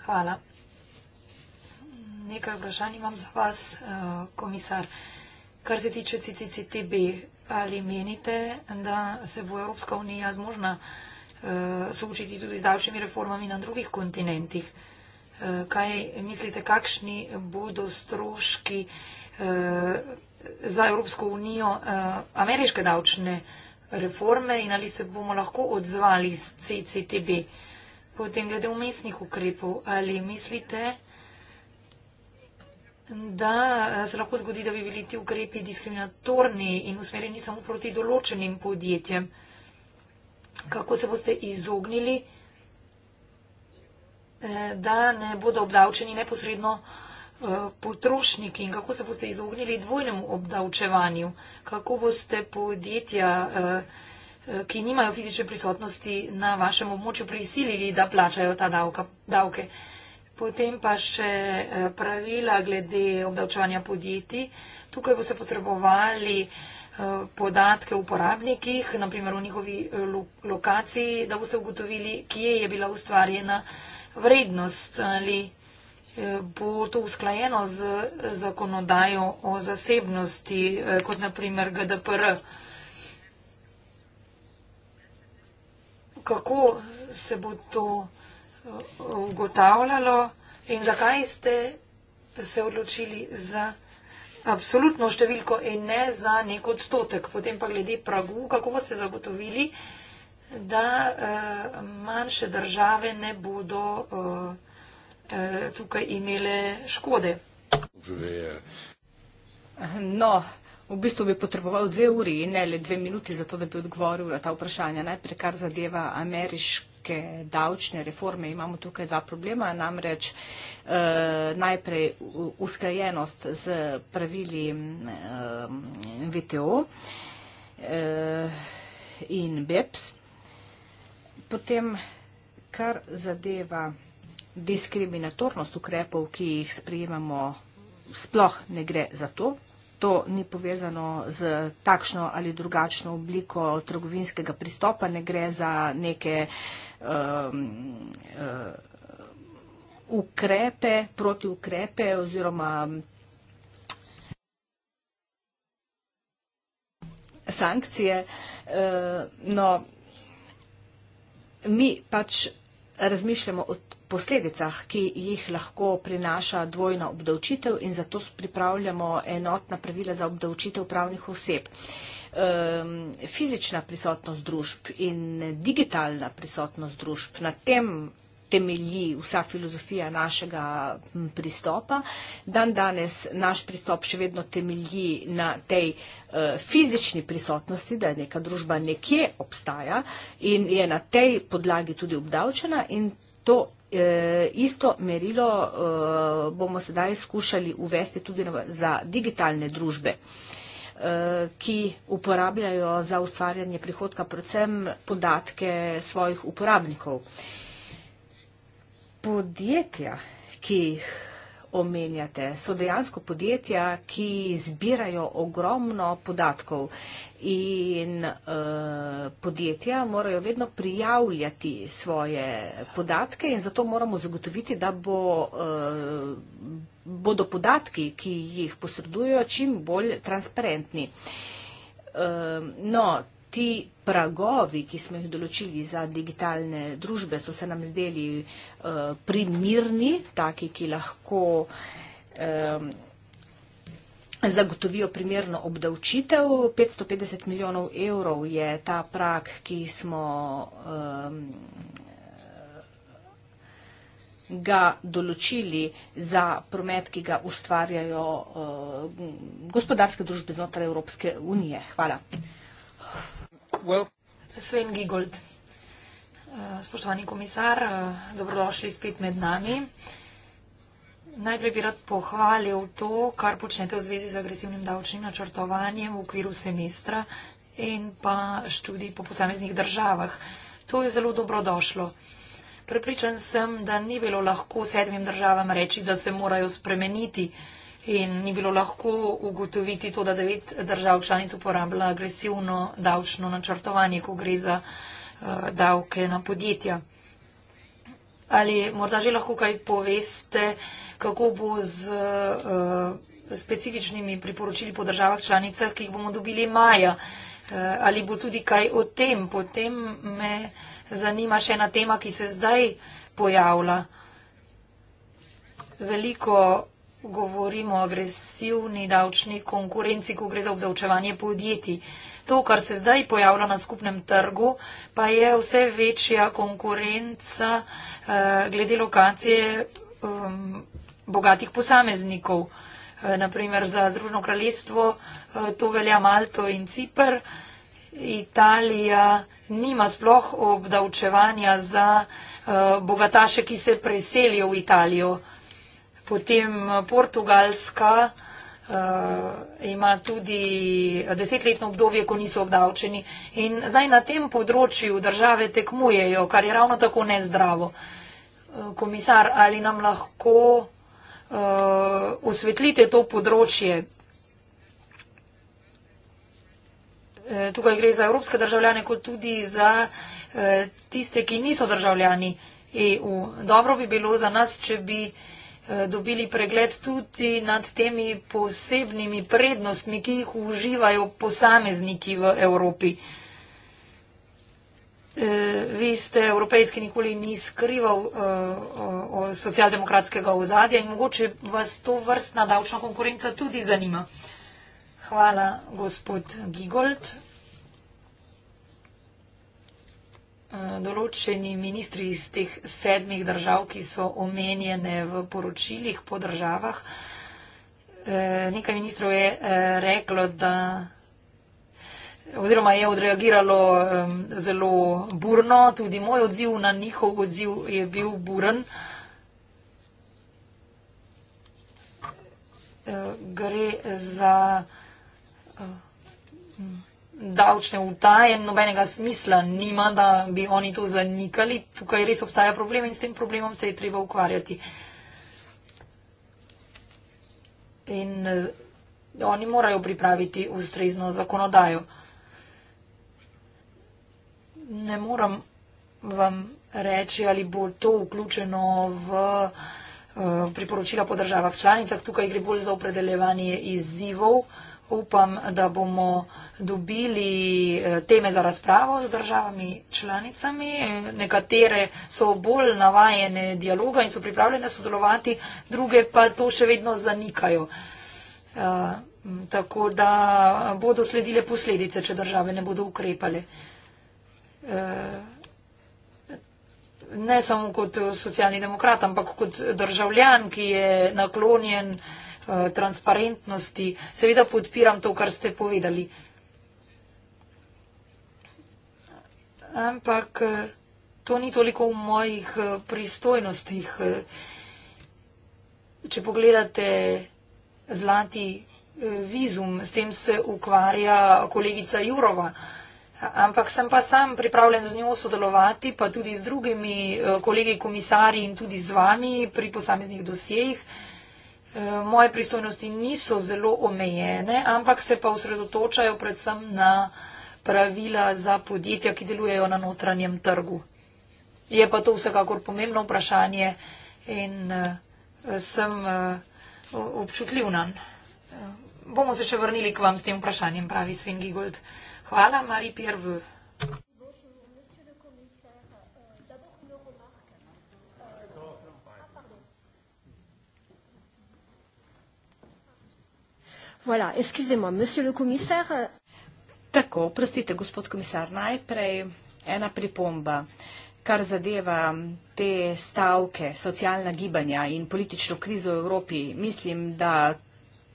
Hvala. Nekaj vprašanj imam za vas, uh, komisar. Kar se tiče CCCTB, ali menite, da se bo Evropska unija zmožna uh, soočiti tudi z davčnimi reformami na drugih kontinentih? Uh, kaj mislite, kakšni bodo stroški uh, za Evropsko unijo uh, ameriške davčne reforme in ali se bomo lahko odzvali z CCTB? Potem glede umestnih ukrepov, ali mislite, da eh, se lahko zgodi, da bi bili ti ukrepi diskriminatorni in usmerjeni samo proti določenim podjetjem. Kako se boste izognili, eh, da ne bodo obdavčeni neposredno eh, potrošniki in kako se boste izognili dvojnemu obdavčevanju, kako boste podjetja, ki nimajo fizične prisotnosti na vašem območju, prisilili, da plačajo ta davka, davke. Potem pa še eh, pravila glede obdavčanja podjetij. Tukaj boste potrebovali eh, podatke o uporabnikih, naprimer o njihovi eh, lokaciji, da boste ugotovili, kje je bila ustvarjena vrednost ali bo to usklajeno z zakonodajo o zasebnosti, kot naprimer GDPR. Kako se bo to vrednost? ugotavljalo in zakaj ste se odločili za absolutno številko in ne za nek odstotek. Potem pa glede pragu, kako boste zagotovili, da eh, manjše države ne bodo eh, tukaj imele škode. No, v bistvu bi potreboval dve uri in ne le dve minuti, zato da bi odgovoril na ta vprašanja. Najprej, kar zadeva ameriško neke davčne reforme, imamo tukaj dva problema, namreč eh, najprej usklajenost z pravili eh, VTO eh, in BEPS, potem kar zadeva diskriminatornost ukrepov, ki jih sprejemamo, sploh ne gre za to. To ni povezano z takšno ali drugačno obliko trgovinskega pristopa, ne gre za neke uh, Um, uh, ukrepe, protiukrepe oziroma um, sankcije. Uh, no, mi pač razmišljamo o posledicah, ki jih lahko prinaša dvojna obdavčitev in zato pripravljamo enotna pravila za obdavčitev pravnih oseb. Um, fizična prisotnost družb in digitalna prisotnost družb na tem temelji vsa filozofija našega pristopa. Dan danes naš pristop še vedno temelji na tej uh, fizični prisotnosti, da neka družba nekje obstaja in je na tej podlagi tudi obdavčena in to E, isto merilo e, bomo sedaj skušali uvesti tudi za digitalne družbe, e, ki uporabljajo za ustvarjanje prihodka predvsem podatke svojih uporabnikov. Podjetja, ki jih omenjate. So dejansko podjetja, ki zbirajo ogromno podatkov in uh, podjetja morajo vedno prijavljati svoje podatke in zato moramo zagotoviti, da bo, uh, bodo podatki, ki jih posredujejo, čim bolj transparentni. Uh, no, ti pragovi, ki smo jih določili za digitalne družbe, so se nam zdeli uh, primirni, taki, ki lahko um, zagotovijo primerno obdavčitev. 550 milijonov evrov je ta prag, ki smo um, ga določili za promet, ki ga ustvarjajo uh, gospodarske družbe znotraj Evropske unije. Hvala. Well. Sven Gigold, eh, spoštovani komisar, eh, dobrodošli spet med nami. Najprej bi rad pohvalil to, kar počnete v zvezi z agresivnim davčnim načrtovanjem v okviru semestra in pa študij po posameznih državah. To je zelo dobrodošlo. Prepričan sem, da ni bilo lahko sedmim državam reči, da se morajo spremeniti in ni bilo lahko ugotoviti to, da devet držav članic uporablja agresivno davčno načrtovanje, ko gre za uh, davke na podjetja. Ali morda že lahko kaj poveste, kako bo z uh, specifičnimi priporočili po državah članicah, ki jih bomo dobili maja? Uh, ali bo tudi kaj o tem? Potem me zanima še ena tema, ki se zdaj pojavlja. Veliko govorimo o agresivni davčni konkurenci, ko gre za obdavčevanje podjetij. To, kar se zdaj pojavlja na skupnem trgu, pa je vse večja konkurenca eh, glede lokacije eh, bogatih posameznikov. Eh, naprimer za Združeno kraljestvo eh, to velja Malto in Cipr. Italija nima sploh obdavčevanja za eh, bogataše, ki se preselijo v Italijo. Potem eh, Portugalska uh, ima tudi desetletno obdobje, ko niso obdavčeni. In zdaj na tem področju države tekmujejo, kar je ravno tako nezdravo. Eh, komisar, ali nam lahko uh, osvetlite to področje? Tukaj gre za evropske državljane, kot tudi za tiste, ki niso državljani EU. Dobro bi bilo za nas, če bi uh, Eh, dobili pregled tudi nad temi posebnimi prednostmi, ki jih uživajo posamezniki v Evropi. Eh, vi ste evropejski, nikoli ni skrival eh, socialdemokratskega ozadja in mogoče vas to vrstna davčna konkurenca tudi zanima. Hvala, gospod Gigold. Eh, določeni ministri iz teh sedmih držav, ki so omenjene v poročilih po državah. Eh, nekaj ministrov je eh, reklo, da oziroma je odreagiralo zelo burno, tudi moj odziv na njihov odziv je bil buren. Gre za davčne utaje, nobenega smisla nima, da bi oni to zanikali. Tukaj res obstaja problem in s tem problemom se je treba ukvarjati. In eh, oni morajo pripraviti ustrezno zakonodajo. Ne moram vam reči, ali bo to vključeno v eh, priporočila po državah članicah. Tukaj gre bolj za opredeljevanje izzivov upam, da bomo dobili eh, teme za razpravo z državami članicami. Nekatere so bolj navajene dialoga in so pripravljene sodelovati, druge pa to še vedno zanikajo. Eh, tako da bodo sledile posledice, če države ne bodo ukrepale. Eh, ne samo kot socialni demokrat, ampak kot državljan, ki je naklonjen Eh, transparentnosti. Seveda podpiram to, kar ste povedali. Ampak eh, to ni toliko v mojih eh, pristojnostih. Če pogledate zlati vizum, s tem se ukvarja kolegica Jurova. Ampak sem pa sam pripravljen z njo sodelovati, pa tudi z drugimi kolegi komisarji in tudi z vami pri posameznih dosjejih. Eh, moje pristojnosti niso zelo omejene, ampak se pa usredotočajo predvsem na pravila za podjetja, ki delujejo na notranjem trgu. Je pa to vsekakor pomembno vprašanje in uh, sem uh, občutljiv na njem. Bomo se še vrnili k vam s tem vprašanjem, pravi Sven Gigold. Hvala, Marie Pierre. Voilà, excusez-moi, monsieur le commissaire. Tako, prostite, gospod komisar, najprej ena pripomba, kar zadeva te stavke, socialna gibanja in politično krizo v Evropi. Mislim, da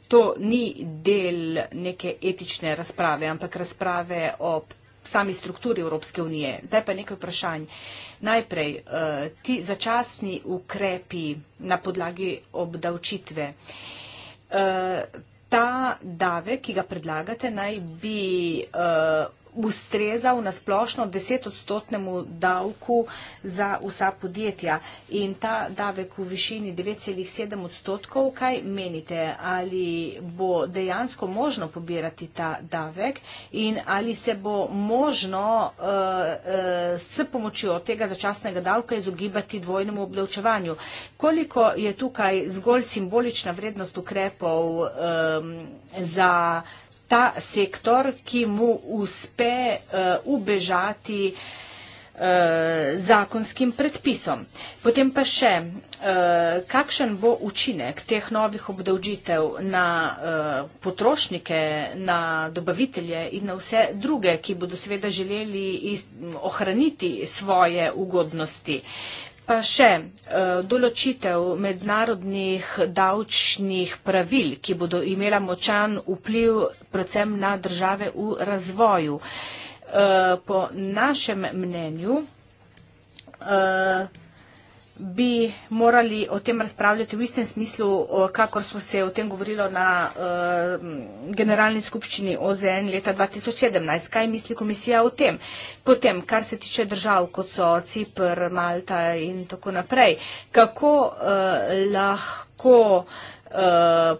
to ni del neke etične razprave, ampak razprave o sami strukturi Evropske unije. Zdaj pa nekaj vprašanj. Najprej, eh, ti začasni ukrepi na podlagi obdavčitve. Eh, ta davek, ki ga predlagate, naj bi uh, ustrezal na splošno desetodstotnemu davku za vsa podjetja. In ta davek v višini 9,7 odstotkov, kaj menite, ali bo dejansko možno pobirati ta davek in ali se bo možno uh, uh, s pomočjo tega začasnega davka izogibati dvojnemu obdavčevanju? Koliko je tukaj zgolj simbolična vrednost ukrepov um, za ta sektor, ki mu uspe uh, ubežati eh, zakonskim predpisom. Potem pa še, eh, kakšen bo učinek teh novih obdavčitev na potrošnike, na dobavitelje in na vse druge, ki bodo seveda želeli ohraniti svoje ugodnosti. Še e, določitev mednarodnih davčnih pravil, ki bodo imela močan vpliv predvsem na države v razvoju. E, po našem mnenju e, bi morali o tem razpravljati v istem smislu, kakor smo se o tem govorili na uh, generalni skupščini OZN leta 2017. Kaj misli komisija o tem? Potem, kar se tiče držav, kot so Cipr, Malta in tako naprej, kako uh, lahko uh,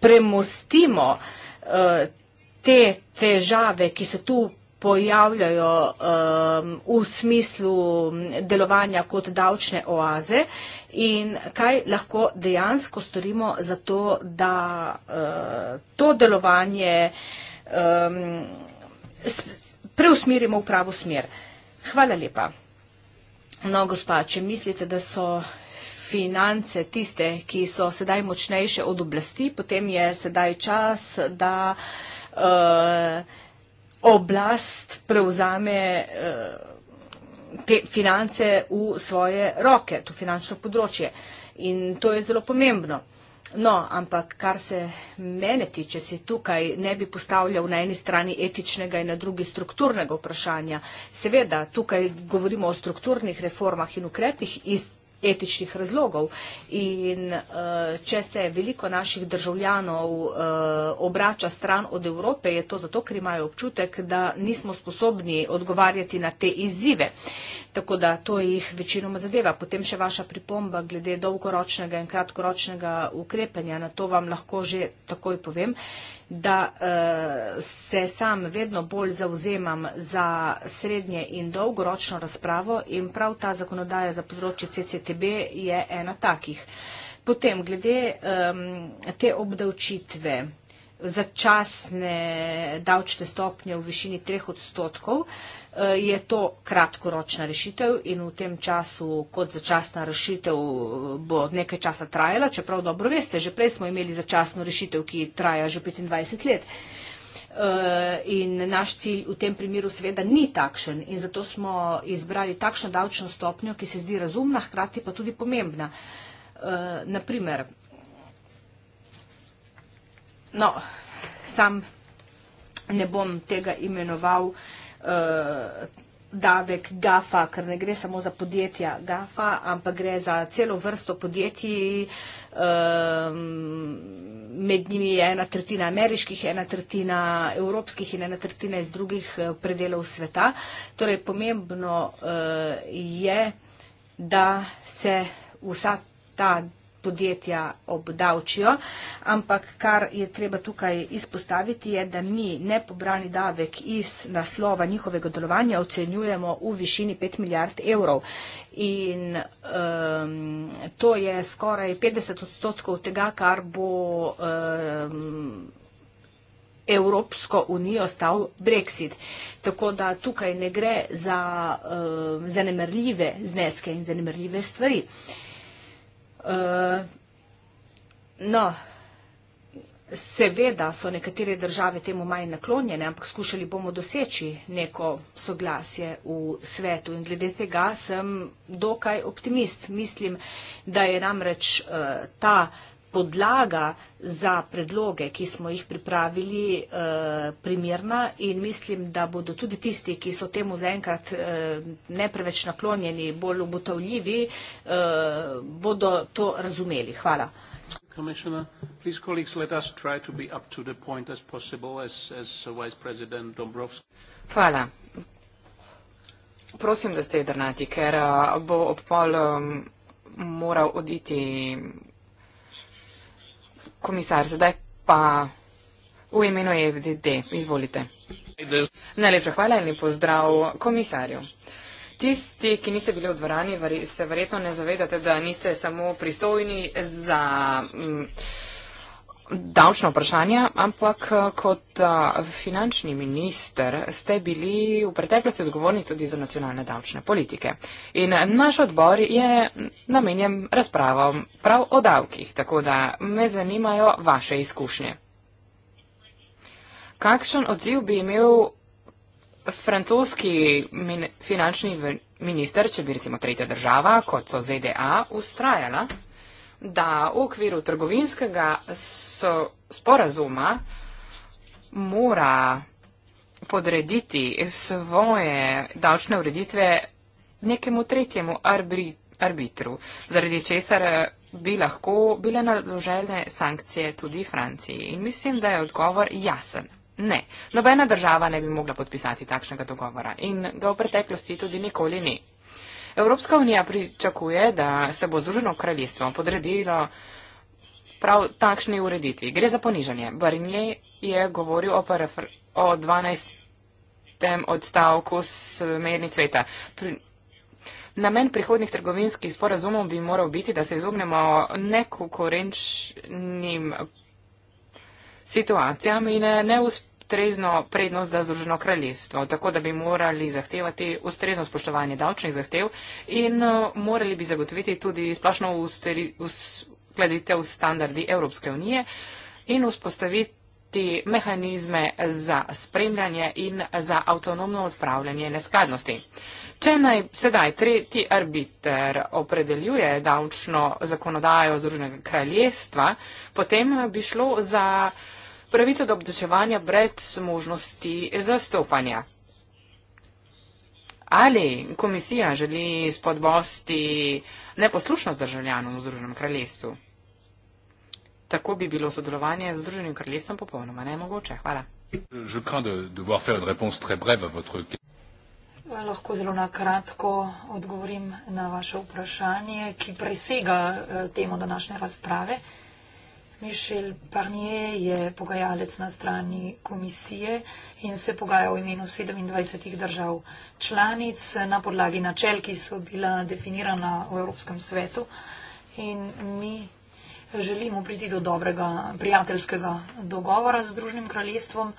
premostimo uh, te težave, ki se tu pojavljajo um, v smislu delovanja kot davčne oaze in kaj lahko dejansko storimo za to, da uh, to delovanje um, preusmirimo v pravo smer. Hvala lepa. No, gospa, če mislite, da so finance tiste, ki so sedaj močnejše od oblasti, potem je sedaj čas, da uh, oblast prevzame eh, te finance v svoje roke, to finančno področje. In to je zelo pomembno. No, ampak kar se mene tiče, si tukaj ne bi postavljal na eni strani etičnega in na drugi strukturnega vprašanja. Seveda, tukaj govorimo o strukturnih reformah in ukrepih, iz etičnih razlogov. In uh, če se veliko naših državljanov uh, obrača stran od Evrope, je to zato, ker imajo občutek, da nismo sposobni odgovarjati na te izzive. Tako da to jih večinoma zadeva. Potem še vaša pripomba glede dolgoročnega in kratkoročnega ukrepanja. Na to vam lahko že takoj povem. Uh, da eh, se sam vedno bolj zauzemam za srednje in dolgoročno razpravo in prav ta zakonodaja za področje CCTB je ena takih. Potem, glede te obdavčitve, začasne davčne stopnje v višini treh odstotkov, eh, je to kratkoročna rešitev in v tem času kot začasna rešitev eh, bo nekaj časa trajala, čeprav dobro veste, že prej smo imeli začasno rešitev, ki traja že 25 let. Eh, in naš cilj v tem primeru seveda ni takšen in zato smo izbrali takšno davčno stopnjo, ki se zdi razumna, hkrati pa tudi pomembna. Naprimer, No, sam ne bom tega imenoval uh, davek GAFA, ker ne gre samo za podjetja GAFA, ampak gre za celo vrsto podjetij. Um, med njimi je ena tretjina ameriških, ena tretjina evropskih in ena tretjina iz drugih eh, predelov sveta. Torej, pomembno uh, je, da se vsa ta podjetja obdavčijo, ampak kar je treba tukaj izpostaviti je, da mi nepobrani davek iz naslova njihovega delovanja ocenjujemo v višini 5 milijard evrov. In um, to je skoraj 50 odstotkov tega, kar bo um, Evropsko unijo stal Brexit. Tako da tukaj ne gre za um, zanemrljive zneske in zanemrljive stvari. Uh, Uh, no, seveda so nekatere države temu manj naklonjene, ampak skušali bomo doseči neko soglasje v svetu in glede tega sem dokaj optimist. Mislim, da je namreč uh, ta podlaga za predloge, ki smo jih pripravili, eh, primirna in mislim, da bodo tudi tisti, ki so temu zaenkrat eh, ne preveč naklonjeni, bolj obotavljivi, eh, bodo to razumeli. Hvala. Commissioner, please, colleagues, let us try to be up to the point as possible, as, as Vice President Dombrovski. Hvala. Prosim, da ste jedrnati, ker bo ob pol um, moral oditi komisar, zdaj pa v imenu EFDD, izvolite. Najlepša hvala in pozdrav komisarju. Tisti, ki niste bili v dvorani, se verjetno ne zavedate, da niste samo pristojni za. Mm, davčno vprašanje, ampak eh, kot eh, finančni minister ste bili v preteklosti odgovorni tudi za nacionalne davčne politike. In eh, naš odbor je namenjen razpravom prav o davkih, tako da me zanimajo vaše izkušnje. Kakšen odziv bi imel francoski min finančni minister, če bi recimo tretja država, kot so ZDA, ustrajala? da v okviru trgovinskega sporazuma mora podrediti svoje davčne ureditve nekemu tretjemu arbitru, zaradi česar eh, bi lahko bile naložene sankcije tudi Franciji. In mislim, da je odgovor jasen. Ne. Nobena država ne bi mogla podpisati takšnega dogovora in ga v preteklosti tudi nikoli ni. Ne. Evropska unija pričakuje, da se bo Združeno kraljestvo podredilo prav takšni ureditvi. Gre za ponižanje. Barnier je govoril o, o 12. odstavku smernic sveta. Pri Namen prihodnih trgovinskih sporazumov bi moral biti, da se izognemo nekonkurenčnim situacijam in eh, neuspešnim trezno prednost za Združeno kraljestvo. Tako da bi morali zahtevati ustrezno spoštovanje davčnih zahtev in uh, morali bi zagotoviti tudi splošno uskladitev s standardi Evropske unije in vzpostaviti ti mehanizme za spremljanje in za avtonomno odpravljanje neskladnosti. Če naj sedaj tretji arbiter opredeljuje davčno zakonodajo Združenega kraljestva, potem bi šlo za pravico do obdrževanja brez možnosti zastopanja. Ali komisija želi spodbosti neposlušnost državljanom v Združenem kraljestvu? Tako bi bilo sodelovanje z Združenim kraljestvom popolnoma nemogoče. Hvala. Eh, lahko zelo na kratko odgovorim na vaše vprašanje, ki presega eh, temo današnje razprave. Mišel Parnier je pogajalec na strani komisije in se pogaja v imenu 27 držav članic na podlagi načel, ki so bila definirana v Evropskem svetu. In mi želimo priti do dobrega prijateljskega dogovora z Združnim kraljestvom,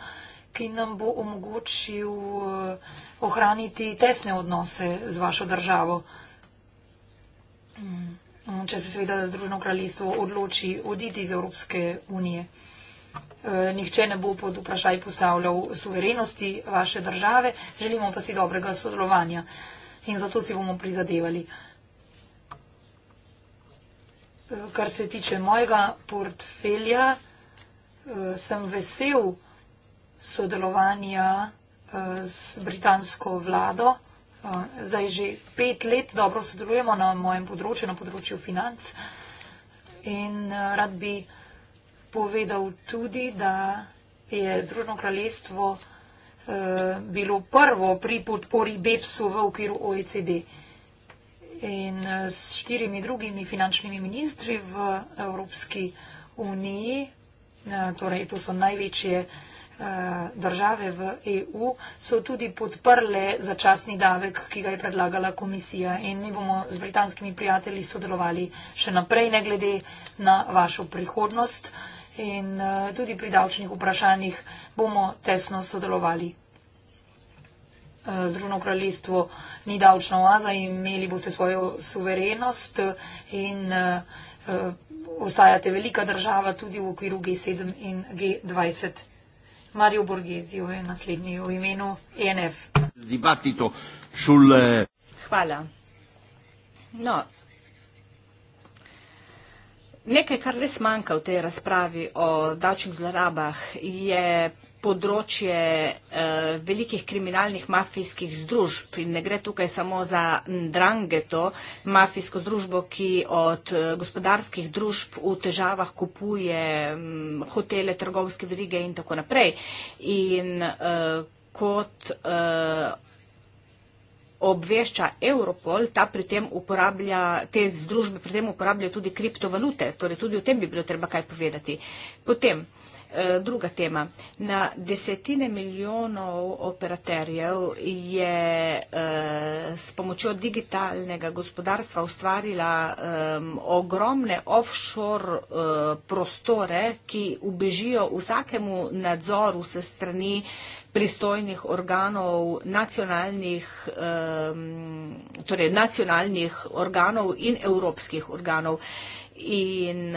ki nam bo omogočil eh, ohraniti tesne odnose z vašo državo. Hmm. Mm, če se seveda Združeno kraljestvo odloči oditi iz Evropske unije. E, nihče ne bo pod vprašaj postavljal suverenosti vaše države, želimo pa si dobrega sodelovanja in zato si bomo prizadevali. E, kar se tiče mojega portfelja, e, sem vesel sodelovanja z britansko vlado zdaj že pet let dobro sodelujemo na mojem področju, na področju financ. In eh, rad bi povedal tudi, da je Združeno kraljestvo eh, bilo prvo pri podpori BEPS-u v okviru OECD. In eh, s štirimi drugimi finančnimi ministri v Evropski uniji, torej to so največje Eh, države v EU so tudi podprle začasni davek, ki ga je predlagala komisija. In mi bomo z britanskimi prijatelji sodelovali še naprej, ne glede na vašo prihodnost. In eh, tudi pri davčnih vprašanjih bomo tesno sodelovali. Eh, Združeno kraljestvo ni davčna oaza, imeli boste svojo suverenost in ostajate velika država tudi v okviru G7 in G20. Mario Borgesio je naslednji v imenu ENF. Eh, Hvala. No. Nekaj, kar res manjka v tej razpravi o davčnih zlorabah, je področje eh, velikih kriminalnih mafijskih združb. In ne gre tukaj samo za drangeto mafijsko družbo, ki od eh, gospodarskih družb v težavah kupuje hm, hotele, trgovske verige in tako naprej. In eh, kot eh, obvešča Europol, ta pri tem uporablja, te združbe pri tem uporabljajo tudi kriptovalute, torej tudi o tem bi bilo treba kaj povedati. Potem, uh, Eh, druga tema. Na desetine milijonov operaterjev je eh, s pomočjo digitalnega gospodarstva ustvarila ogromne offshore eh, prostore, ki ubežijo vsakemu nadzoru se strani pristojnih organov nacionalnih, torej nacionalnih organov in evropskih organov. In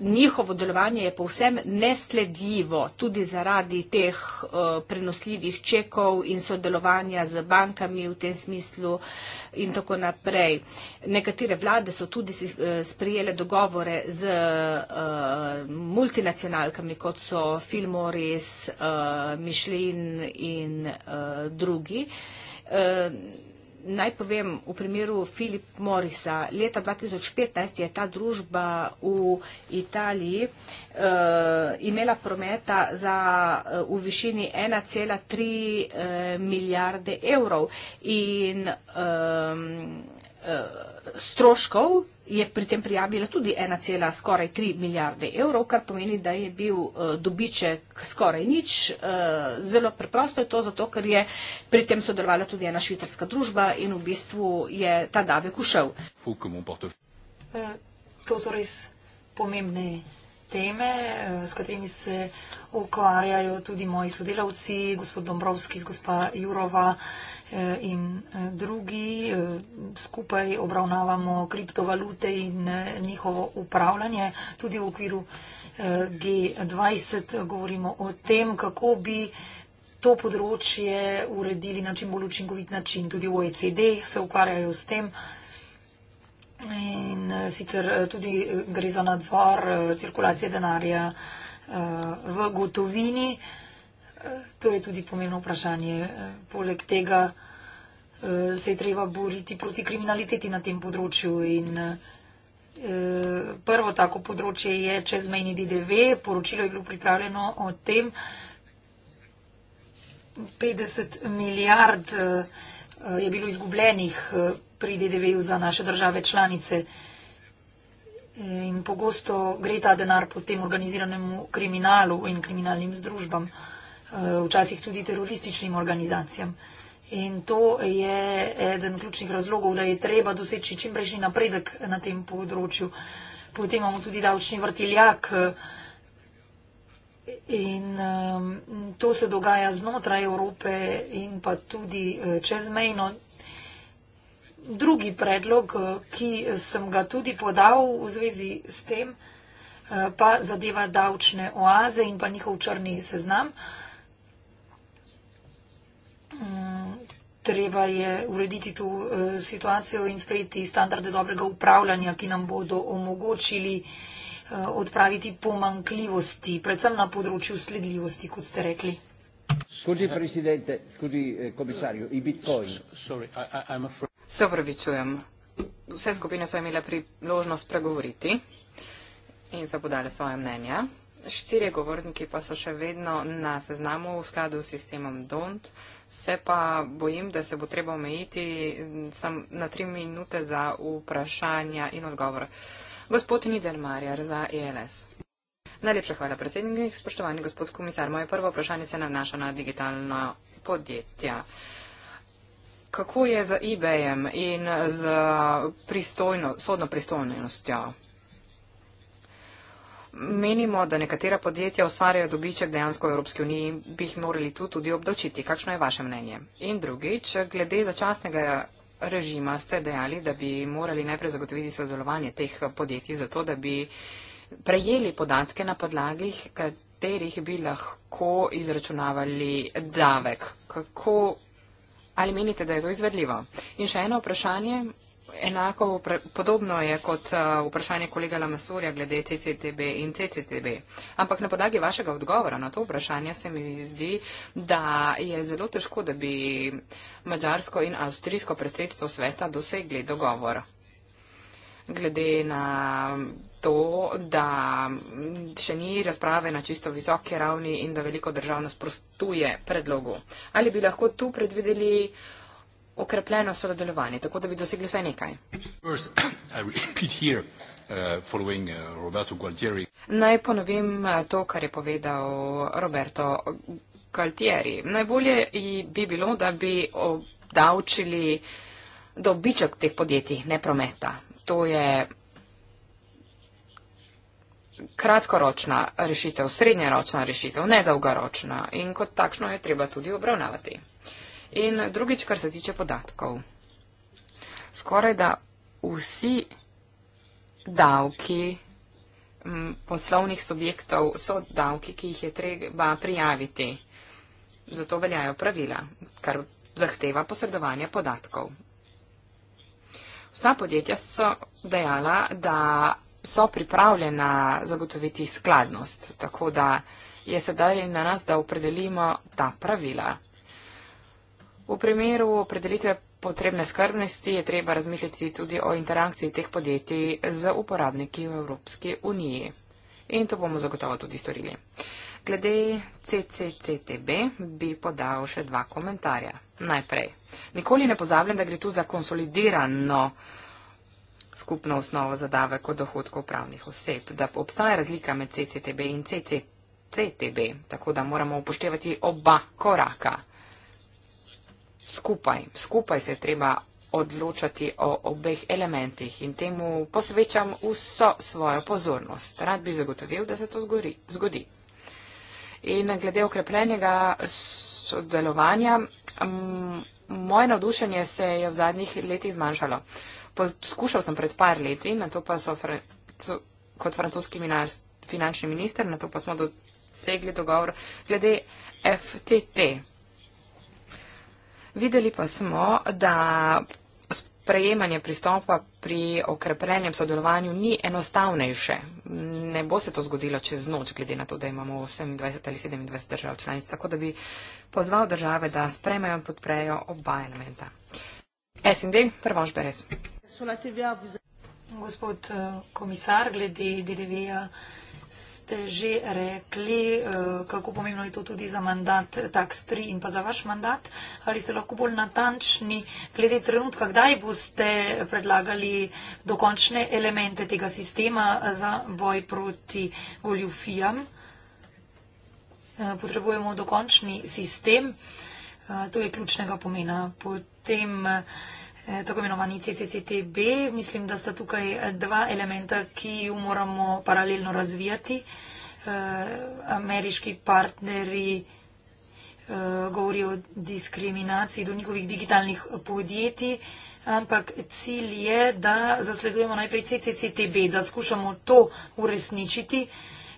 njihovo delovanje je povsem nesledljivo, tudi zaradi teh eh, prenosljivih čekov in sodelovanja z bankami v tem smislu in tako naprej. Nekatere vlade so tudi eh, sprijele dogovore z eh, multinacionalkami, kot so Filmoris, Mišlin in drugi naj povem v primeru Filip Morisa. Leta 2015 je ta družba v Italiji uh, imela prometa za, uh, v višini 1,3 uh, eh, milijarde evrov in uh, uh, stroškov je pri tem prijavila tudi 1,3 milijarde evrov, kar pomeni, da je bil eh, dobiček skoraj nič. Eh, zelo preprosto je to zato, ker je pri tem sodelovala tudi ena švitarska družba in v bistvu je ta davek ušel. Eh, to so res pomembne teme, eh, s katerimi se ukvarjajo tudi moji sodelavci, gospod Dombrovski, gospa Jurova eh, in eh, drugi. Skupaj obravnavamo kriptovalute in njihovo upravljanje tudi v okviru G20. Govorimo o tem, kako bi to področje uredili na čim bolj učinkovit način. Tudi v OECD se ukvarjajo s tem. In eh, sicer eh, tudi eh, gre za nadzor cirkulacije denarja v gotovini. To je tudi pomembno vprašanje. Poleg tega se je treba boriti proti kriminaliteti na tem področju. In prvo tako področje je čezmejni DDV. Poročilo je bilo pripravljeno o tem. 50 milijard. Eh, je bilo izgubljenih eh, pri DDV-ju za naše države članice. In pogosto gre ta denar potem organiziranemu kriminalu in kriminalnim združbam, eh, včasih tudi terorističnim organizacijam. In to je eden ključnih razlogov, da je treba doseči čim prejšnji napredek na tem področju. Potem imamo tudi davčni vrteljak, In um, to se dogaja znotraj Evrope in pa tudi eh, čezmejno. Drugi predlog, eh, ki sem ga tudi podal v zvezi s tem, eh, pa zadeva davčne oaze in pa njihov črni seznam. Mm, treba je urediti tu situacijo in sprejeti standarde dobrega upravljanja, ki nam bodo omogočili Eh, odpraviti pomankljivosti, predvsem na področju sledljivosti, kot ste rekli. Skuži, presidente, skuži, komisarju, eh, i Bitcoin. Sorry, I'm afraid. Se upravičujem. Vse skupine so imele priložnost pregovoriti in so podale svoje mnenja. Štirje govorniki pa so še vedno na seznamu v skladu s sistemom DONT. Se pa bojim, da se bo treba omejiti mm, na tri minute za vprašanja in odgovore gospod Nidermarjar za ELS. Najlepša hvala, predsednik. Spoštovani gospod komisar, moje prvo vprašanje se nanaša na digitalna podjetja. Kako je z eBayem in z pristojno, sodno pristojnostjo? Menimo, da nekatera podjetja ustvarjajo dobiček dejansko v Evropski uniji in bi jih morali tu tudi obdočiti. Kakšno je vaše mnenje? In drugič, glede začasnega režima ste dejali, da bi morali najprej zagotoviti sodelovanje teh podjetij, zato da bi prejeli podatke na podlagih, katerih bi lahko izračunavali davek. Kako, ali menite, da je to izvedljivo? In še eno vprašanje, enako, podobno je kot eh, vprašanje kolega Lamasurja glede CCTB in CCTB. Ampak na podlagi vašega odgovora na to vprašanje se mi zdi, da je zelo težko, da bi mađarsko in avstrijsko predsedstvo sveta dosegli dogovor. Glede na to, da mm, še ni razprave na čisto visoki ravni in da veliko držav nasprostuje predlogu. Ali bi lahko tu predvideli okrepljeno sodelovanje, tako da bi dosegli vsaj nekaj. Uh, uh, Naj ponovim uh, to, kar je povedal Roberto Galtieri. Najbolje bi bilo, da bi obdavčili dobiček teh podjetij, ne prometa. To je kratkoročna rešitev, srednjeročna rešitev, nedolgoročna in kot takšno je treba tudi obravnavati. In drugič, kar se tiče podatkov. Skoraj da vsi davki poslovnih subjektov so davki, ki jih je treba prijaviti. Zato veljajo pravila, kar zahteva posredovanje podatkov. Vsa podjetja so dejala, da so pripravljena zagotoviti skladnost, tako da je sedaj na nas, da opredelimo ta pravila. V primeru opredelitve potrebne skrbnosti je treba razmišljati tudi o interakciji teh podjetij z uporabniki v Evropski uniji. In to bomo zagotovo tudi storili. Glede CCCTB bi podal še dva komentarja. Najprej. Nikoli ne pozabljam, da gre tu za konsolidirano skupno osnovo za davek od dohodkov pravnih oseb, da obstaja razlika med CCTB in CCCTB, tako da moramo upoštevati oba koraka skupaj, skupaj se treba odločati o obeh elementih in temu posvečam vso svojo pozornost. Rad bi zagotovil, da se to zgori, zgodi. In glede okrepljenega sodelovanja, moje navdušenje se je v zadnjih letih zmanjšalo. Poskušal sem pred par leti, na to pa so fr kot francoski minar, finančni minister, na to pa smo dosegli dogovor glede FTT, Videli pa smo, da prejemanje pristopa pri okrepljenjem sodelovanju ni enostavnejše. Ne bo se to zgodilo čez noč, glede na to, da imamo 28 ali 27 držav članic, tako da bi pozval države, da spremajo in podprejo oba elementa. SND, prvož Berez. Gospod eh, komisar, glede DDV-ja ste že rekli, eh, kako pomembno je to tudi za mandat tax 3 in pa za vaš mandat. Ali ste lahko bolj natančni glede trenutka, kdaj boste predlagali dokončne elemente tega sistema za boj proti goljufijam? Eh, potrebujemo dokončni sistem, eh, to je ključnega pomena. Potem Eh, tako imenovani CCCTB. Mislim, da sta tukaj eh, dva elementa, ki ju moramo paralelno razvijati. Eh, ameriški partnerji govorijo o diskriminaciji do njihovih digitalnih podjetij, ampak cilj je, da zasledujemo najprej CCCTB, da skušamo to uresničiti.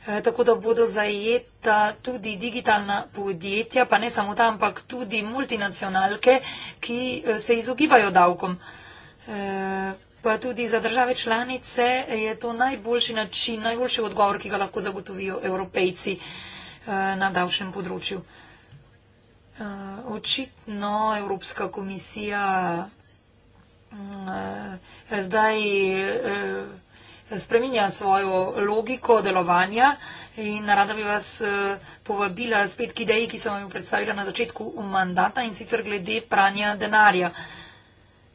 Eh, tako da bodo zajeta tudi digitalna podjetja, pa ne samo ta, ampak tudi multinacionalke, ki eh, se izogibajo davkom. Eh, pa tudi za države članice je to najboljši način, najboljši odgovor, ki ga lahko zagotovijo evropejci na davšem področju. Očitno Evropska komisija mm, zdaj spreminja svojo logiko delovanja in rada bi vas eh, povabila spet k ideji, ki sem vam jo predstavila na začetku mandata in sicer glede pranja denarja.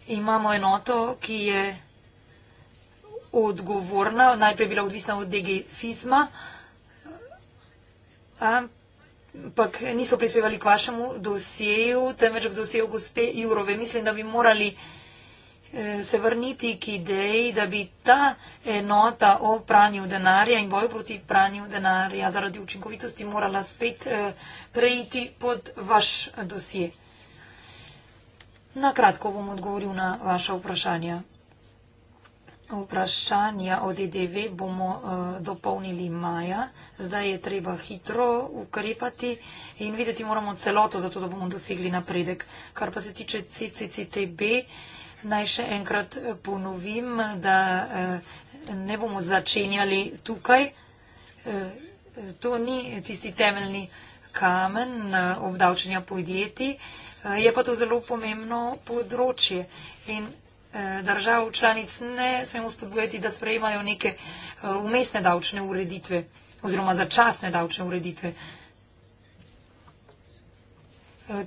Imamo enoto, ki je odgovorna, najprej bila odvisna od DG FISMA, ampak niso prispevali k vašemu dosjeju, temveč k dosjeju gospe Jurove. Mislim, da bi morali vsega, se vrniti k ideji, da bi ta enota o pranju denarja in boju proti pranju denarja zaradi učinkovitosti morala spet eh, preiti pod vaš dosje. Nakratko bom odgovoril na vaše vprašanja. Vprašanja od EDV bomo uh, dopolnili maja. Zdaj je treba hitro ukrepati in videti moramo celoto, zato da bomo dosegli napredek. Kar pa se tiče CCCTB, uh, Naj še enkrat eh, ponovim, da eh, ne bomo začenjali tukaj. Eh, to ni tisti temeljni kamen obdavčenja podjetij, je pa to zelo pomembno področje. In držav članic ne smemo spodbujati, da sprejemajo neke umestne davčne ureditve oziroma začasne davčne ureditve.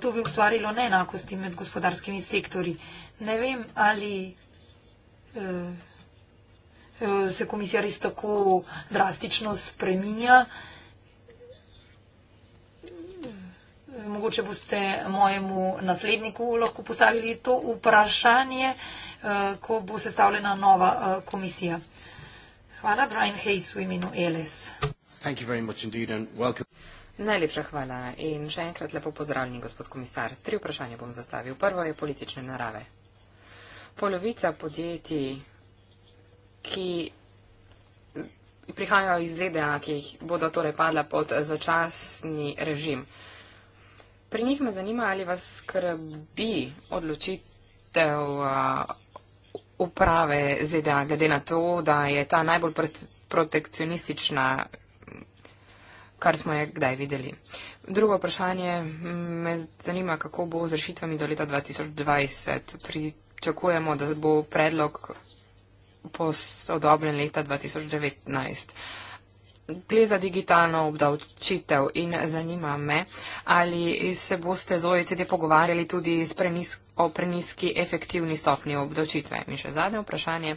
To bi ustvarilo neenakosti med gospodarskimi sektorji ne vem, ali uh, se komisija res tako drastično spreminja. Eh, mogoče boste mojemu nasledniku lahko postavili to vprašanje, ko bo sestavljena nova komisija. Hvala, Brian Hayes, v imenu ELS. Najlepša hvala in še enkrat lepo pozdravljeni, gospod komisar. Tri vprašanja bom zastavil. Prvo je politične narave polovica podjetij, ki prihajajo iz ZDA, ki jih bodo torej padla pod začasni režim. Pri njih me zanima, ali vas skrbi odločitev uh, uprave ZDA, glede na to, da je ta najbolj protekcionistična, kar smo je kdaj videli. Drugo vprašanje me zanima, kako bo z rešitvami do leta 2020 pri pričakujemo, da bo predlog posodobljen leta 2019. Gle za digitalno obdavčitev in zanima me, ali se boste z OECD pogovarjali tudi preniz, o preniski efektivni stopni obdavčitve. In še zadnje vprašanje.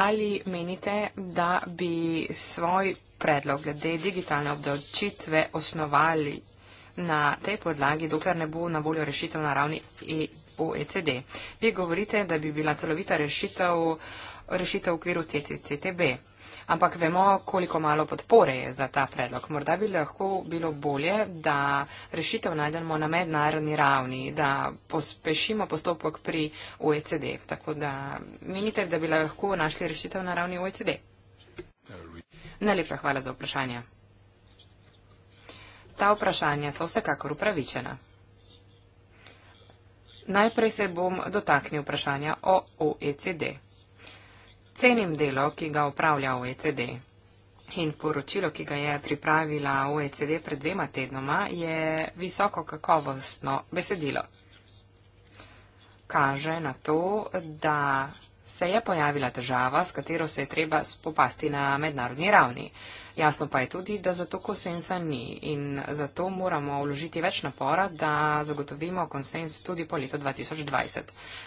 Ali menite, da bi svoj predlog glede digitalne obdavčitve osnovali na tej podlagi, dokler ne bo na voljo rešitev na ravni e OECD. Vi govorite, da bi bila celovita rešitev, rešitev v okviru CCCTB. Ampak vemo, koliko malo podpore je za ta predlog. Morda bi lahko bilo bolje, da rešitev najdemo na mednarodni ravni, da pospešimo postopek pri OECD. Tako da menite, da bi lahko našli rešitev na ravni OECD? Najlepša hvala za vprašanje. Ta vprašanja so vsekakor upravičena. Najprej se bom dotaknil vprašanja o OECD. Cenim delo, ki ga upravlja OECD. In poročilo, ki ga je pripravila OECD pred dvema tednoma, je visoko kakovostno besedilo. Kaže na to, da se je pojavila težava, s katero se je treba spopasti na mednarodni ravni. Jasno pa je tudi, da zato konsensa ni in zato moramo vložiti več napora, da zagotovimo konsens tudi po letu 2020.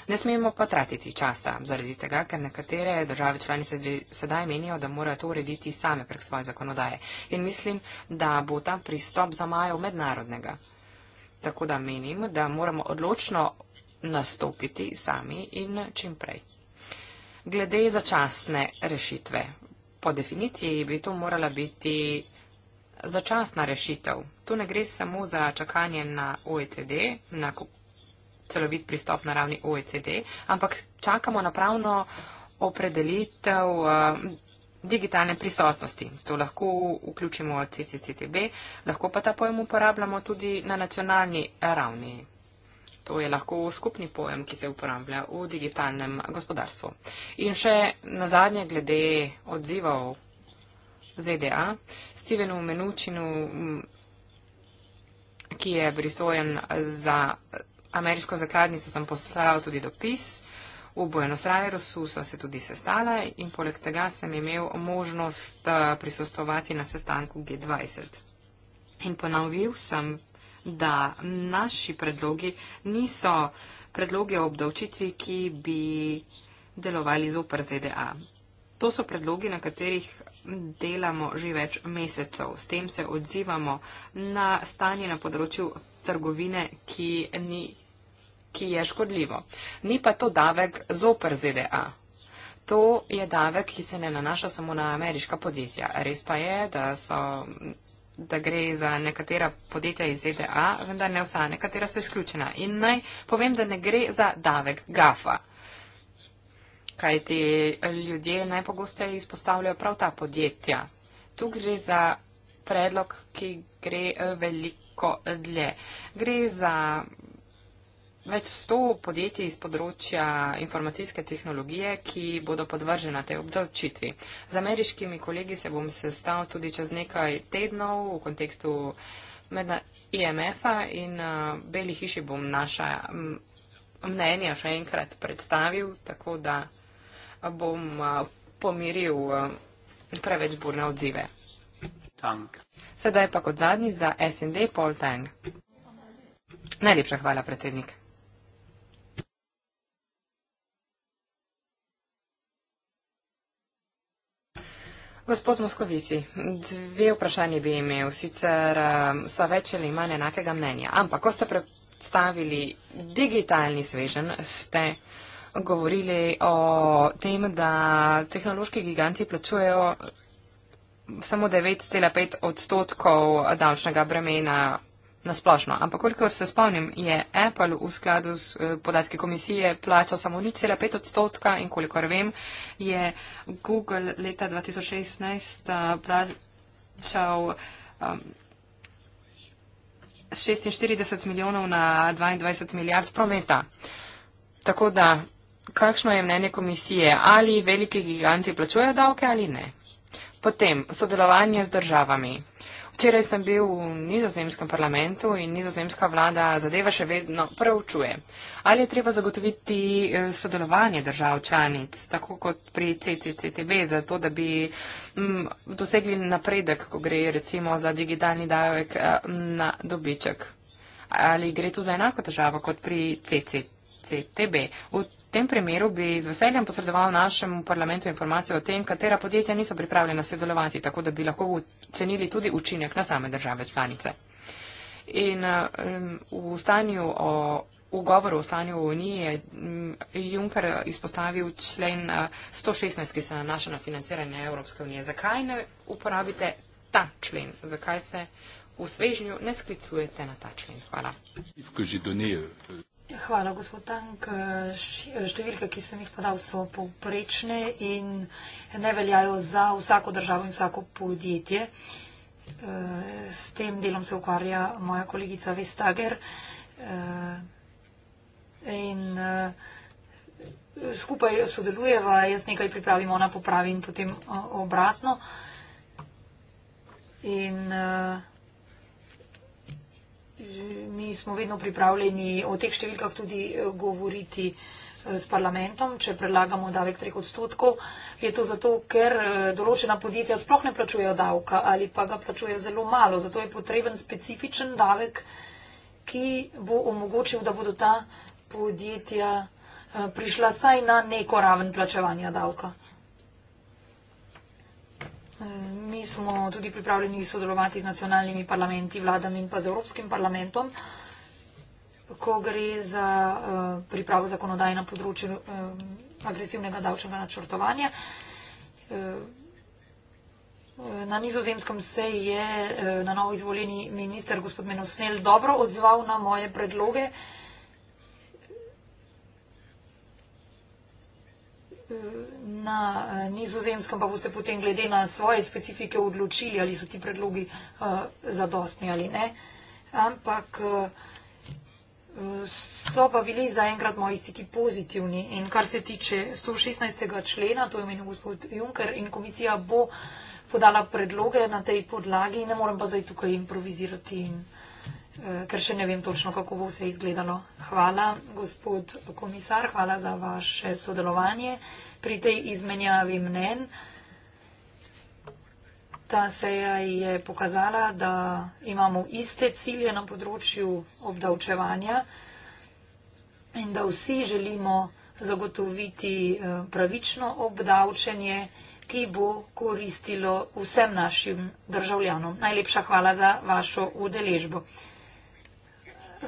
Ne smemo pa tratiti časa, zaradi tega, ker nekatere države člani sedaj menijo, da morajo to urediti same prek svoje zakonodaje. In mislim, da bo ta pristop za majo mednarodnega. Tako da menim, da moramo odločno nastopiti sami in čim prej. Glede začasne rešitve po definiciji bi to morala biti začasna rešitev. Tu ne gre samo za čakanje na OECD, na celovit pristop na ravni OECD, ampak čakamo na pravno opredelitev eh, digitalne prisotnosti. To lahko vključimo CCCTB, lahko pa ta pojem uporabljamo tudi na nacionalni ravni. To je lahko skupni pojem, ki se uporablja v digitalnem gospodarstvu. In še na zadnje glede odzivov ZDA, Stevenu Menučinu, mm, ki je pristojen za ameriško zakladnico, sem poslal tudi dopis. V Buenos Airesu sem se tudi sestala in poleg tega sem imel možnost eh, prisostovati na sestanku G20. In ponovil sem da naši predlogi niso predloge obdavčitvi, ki bi delovali zoper ZDA. To so predlogi, na katerih delamo že več mesecev. S tem se odzivamo na stanje na področju trgovine, ki, ni, ki je škodljivo. Ni pa to davek zoper ZDA. To je davek, ki se ne nanaša samo na ameriška podjetja. Res pa je, da so da gre za nekatera podjetja iz ZDA, vendar ne vsa, nekatera so izključena. In naj povem, da ne gre za davek GAFA, kaj ti ljudje najpogosteje izpostavljajo prav ta podjetja. Tu gre za predlog, ki gre eh, veliko dlje. Gre za več sto podjetij iz področja informacijske tehnologije, ki bodo podvržena tej obdavčitvi. Z ameriškimi kolegi se bom sestal tudi čez nekaj tednov v kontekstu medna IMF-a in uh, Beli hiši bom naša mnenja še enkrat predstavil, tako da bom uh, pomiril uh, preveč burne odzive. Tank. Sedaj pa kot zadnji za SND Paul Tang. Najlepša hvala, predsednik. Gospod Moskovici, dve vprašanje bi imel. Sicer um, so več ali manj enakega mnenja, ampak ko ste predstavili digitalni svežen, ste govorili o tem, da tehnološki giganti plačujejo samo 9,5 odstotkov davčnega bremena nasplošno. Ampak kolikor se spomnim, je Apple v skladu z eh, podatki komisije plačal samo 0,5 odstotka in kolikor vem, je Google leta 2016 eh, plačal. Um, ehm, 46 milijonov na 22 milijard prometa. Tako da, kakšno je mnenje komisije? Ali veliki giganti plačujejo davke ali ne? Potem, sodelovanje z državami. Včeraj sem bil v nizozemskem parlamentu in nizozemska vlada zadeva še vedno preučuje. Ali je treba zagotoviti eh, sodelovanje držav članic, tako kot pri CCCTV, za to, da bi m, mm, dosegli napredek, ko gre recimo za digitalni davek eh, na dobiček. Ali gre tu za enako državo kot pri CCTV? V tem primeru bi z veseljem posredoval našemu parlamentu informacijo o tem, katera podjetja niso pripravljena sodelovati, tako da bi lahko ocenili tudi učinek na same države članice. In um, v stanju o. V govoru o stanju v Uniji je Juncker izpostavil člen 116, eh, ki se nanaša na financiranje Evropske unije. Zakaj ne uporabite ta člen? Zakaj se v svežnju ne sklicujete na ta člen? Hvala. Hvala, gospod Tank. Številke, ki sem jih podal, so poprečne in ne veljajo za vsako državo in vsako podjetje. E, s tem delom se ukvarja moja kolegica Vestager. E, in e, skupaj sodelujeva, jaz nekaj pripravim, ona popravi in potem obratno. In uh, mi smo vedno pripravljeni o teh številkah tudi eh, govoriti eh, s parlamentom, če predlagamo davek treh odstotkov. Je to zato, ker eh, določena podjetja sploh ne plačujejo davka ali pa ga plačujejo zelo malo. Zato je potreben specifičen davek, ki bo omogočil, da bodo ta podjetja prišla saj na neko raven plačevanja davka. Mi smo tudi pripravljeni sodelovati z nacionalnimi parlamenti, vladami in pa z Evropskim parlamentom, ko gre za eh, pripravo zakonodaj na področju eh, agresivnega davčnega načrtovanja. Eh, na nizozemskem se je na novo izvoljeni minister gospod Menosnel dobro odzval na moje predloge. na eh, nizozemskem, pa boste potem glede na svoje specifike odločili, ali so ti predlogi uh, zadostni ali ne. Ampak uh, so pa bili zaenkrat moji stiki pozitivni. In kar se tiče 116. člena, to je omenil gospod Juncker, in komisija bo podala predloge na tej podlagi, ne morem pa zdaj tukaj improvizirati. In, uh, Eh, ker še ne vem točno, kako bo vse izgledalo. Hvala, gospod komisar, hvala za vaše sodelovanje pri tej izmenjavi mnen. Ta seja je pokazala, da imamo iste cilje na področju obdavčevanja in da vsi želimo zagotoviti eh, pravično obdavčenje, ki bo koristilo vsem našim državljanom. Najlepša hvala za vašo udeležbo.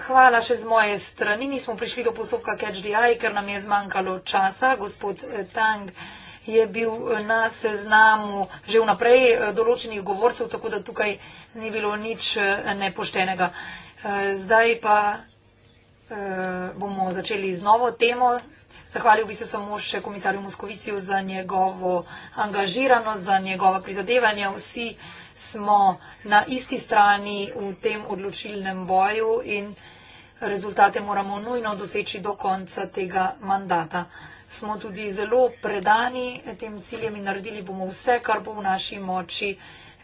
Hvala še z moje strani. Nismo prišli do postopka CatchDI, ker nam je zmanjkalo časa. Gospod eh, Tang je bil eh, na seznamu že vnaprej eh, določenih govorcev, tako da tukaj ni bilo nič nepoštenega. Zdaj pa bomo začeli z novo temo. Zahvalil bi se samo še komisarju Moskovicijo za njegovo angažiranost, za njegova prizadevanja. Vsi smo na isti strani v tem odločilnem boju in rezultate moramo nujno doseči do konca tega mandata. Smo tudi zelo predani tem ciljem in naredili bomo vse, kar bo v naši moči,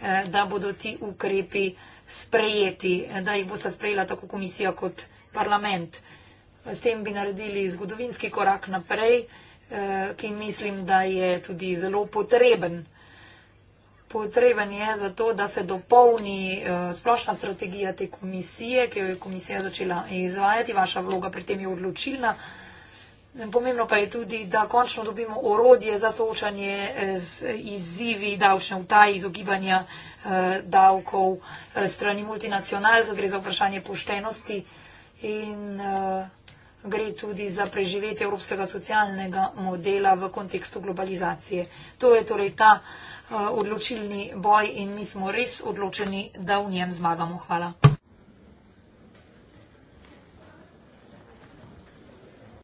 eh, da bodo ti ukrepi sprejeti, da jih boste sprejela tako komisija kot parlament. S tem bi naredili zgodovinski korak naprej, eh, ki mislim, da je tudi zelo potreben potreben je za to, da se dopolni eh, splošna strategija te komisije, ki jo je komisija začela izvajati. Vaša vloga pri tem je odločilna. Pomembno pa je tudi, da končno dobimo orodje za soočanje eh, z izzivi davčne vtaje, izogibanja eh, davkov strani multinacional, to gre za vprašanje poštenosti in gre tudi za preživetje evropskega socialnega modela v kontekstu globalizacije. To je torej ta. Eh, odločilni boj in mi smo res odločeni, da v njem zmagamo. Hvala.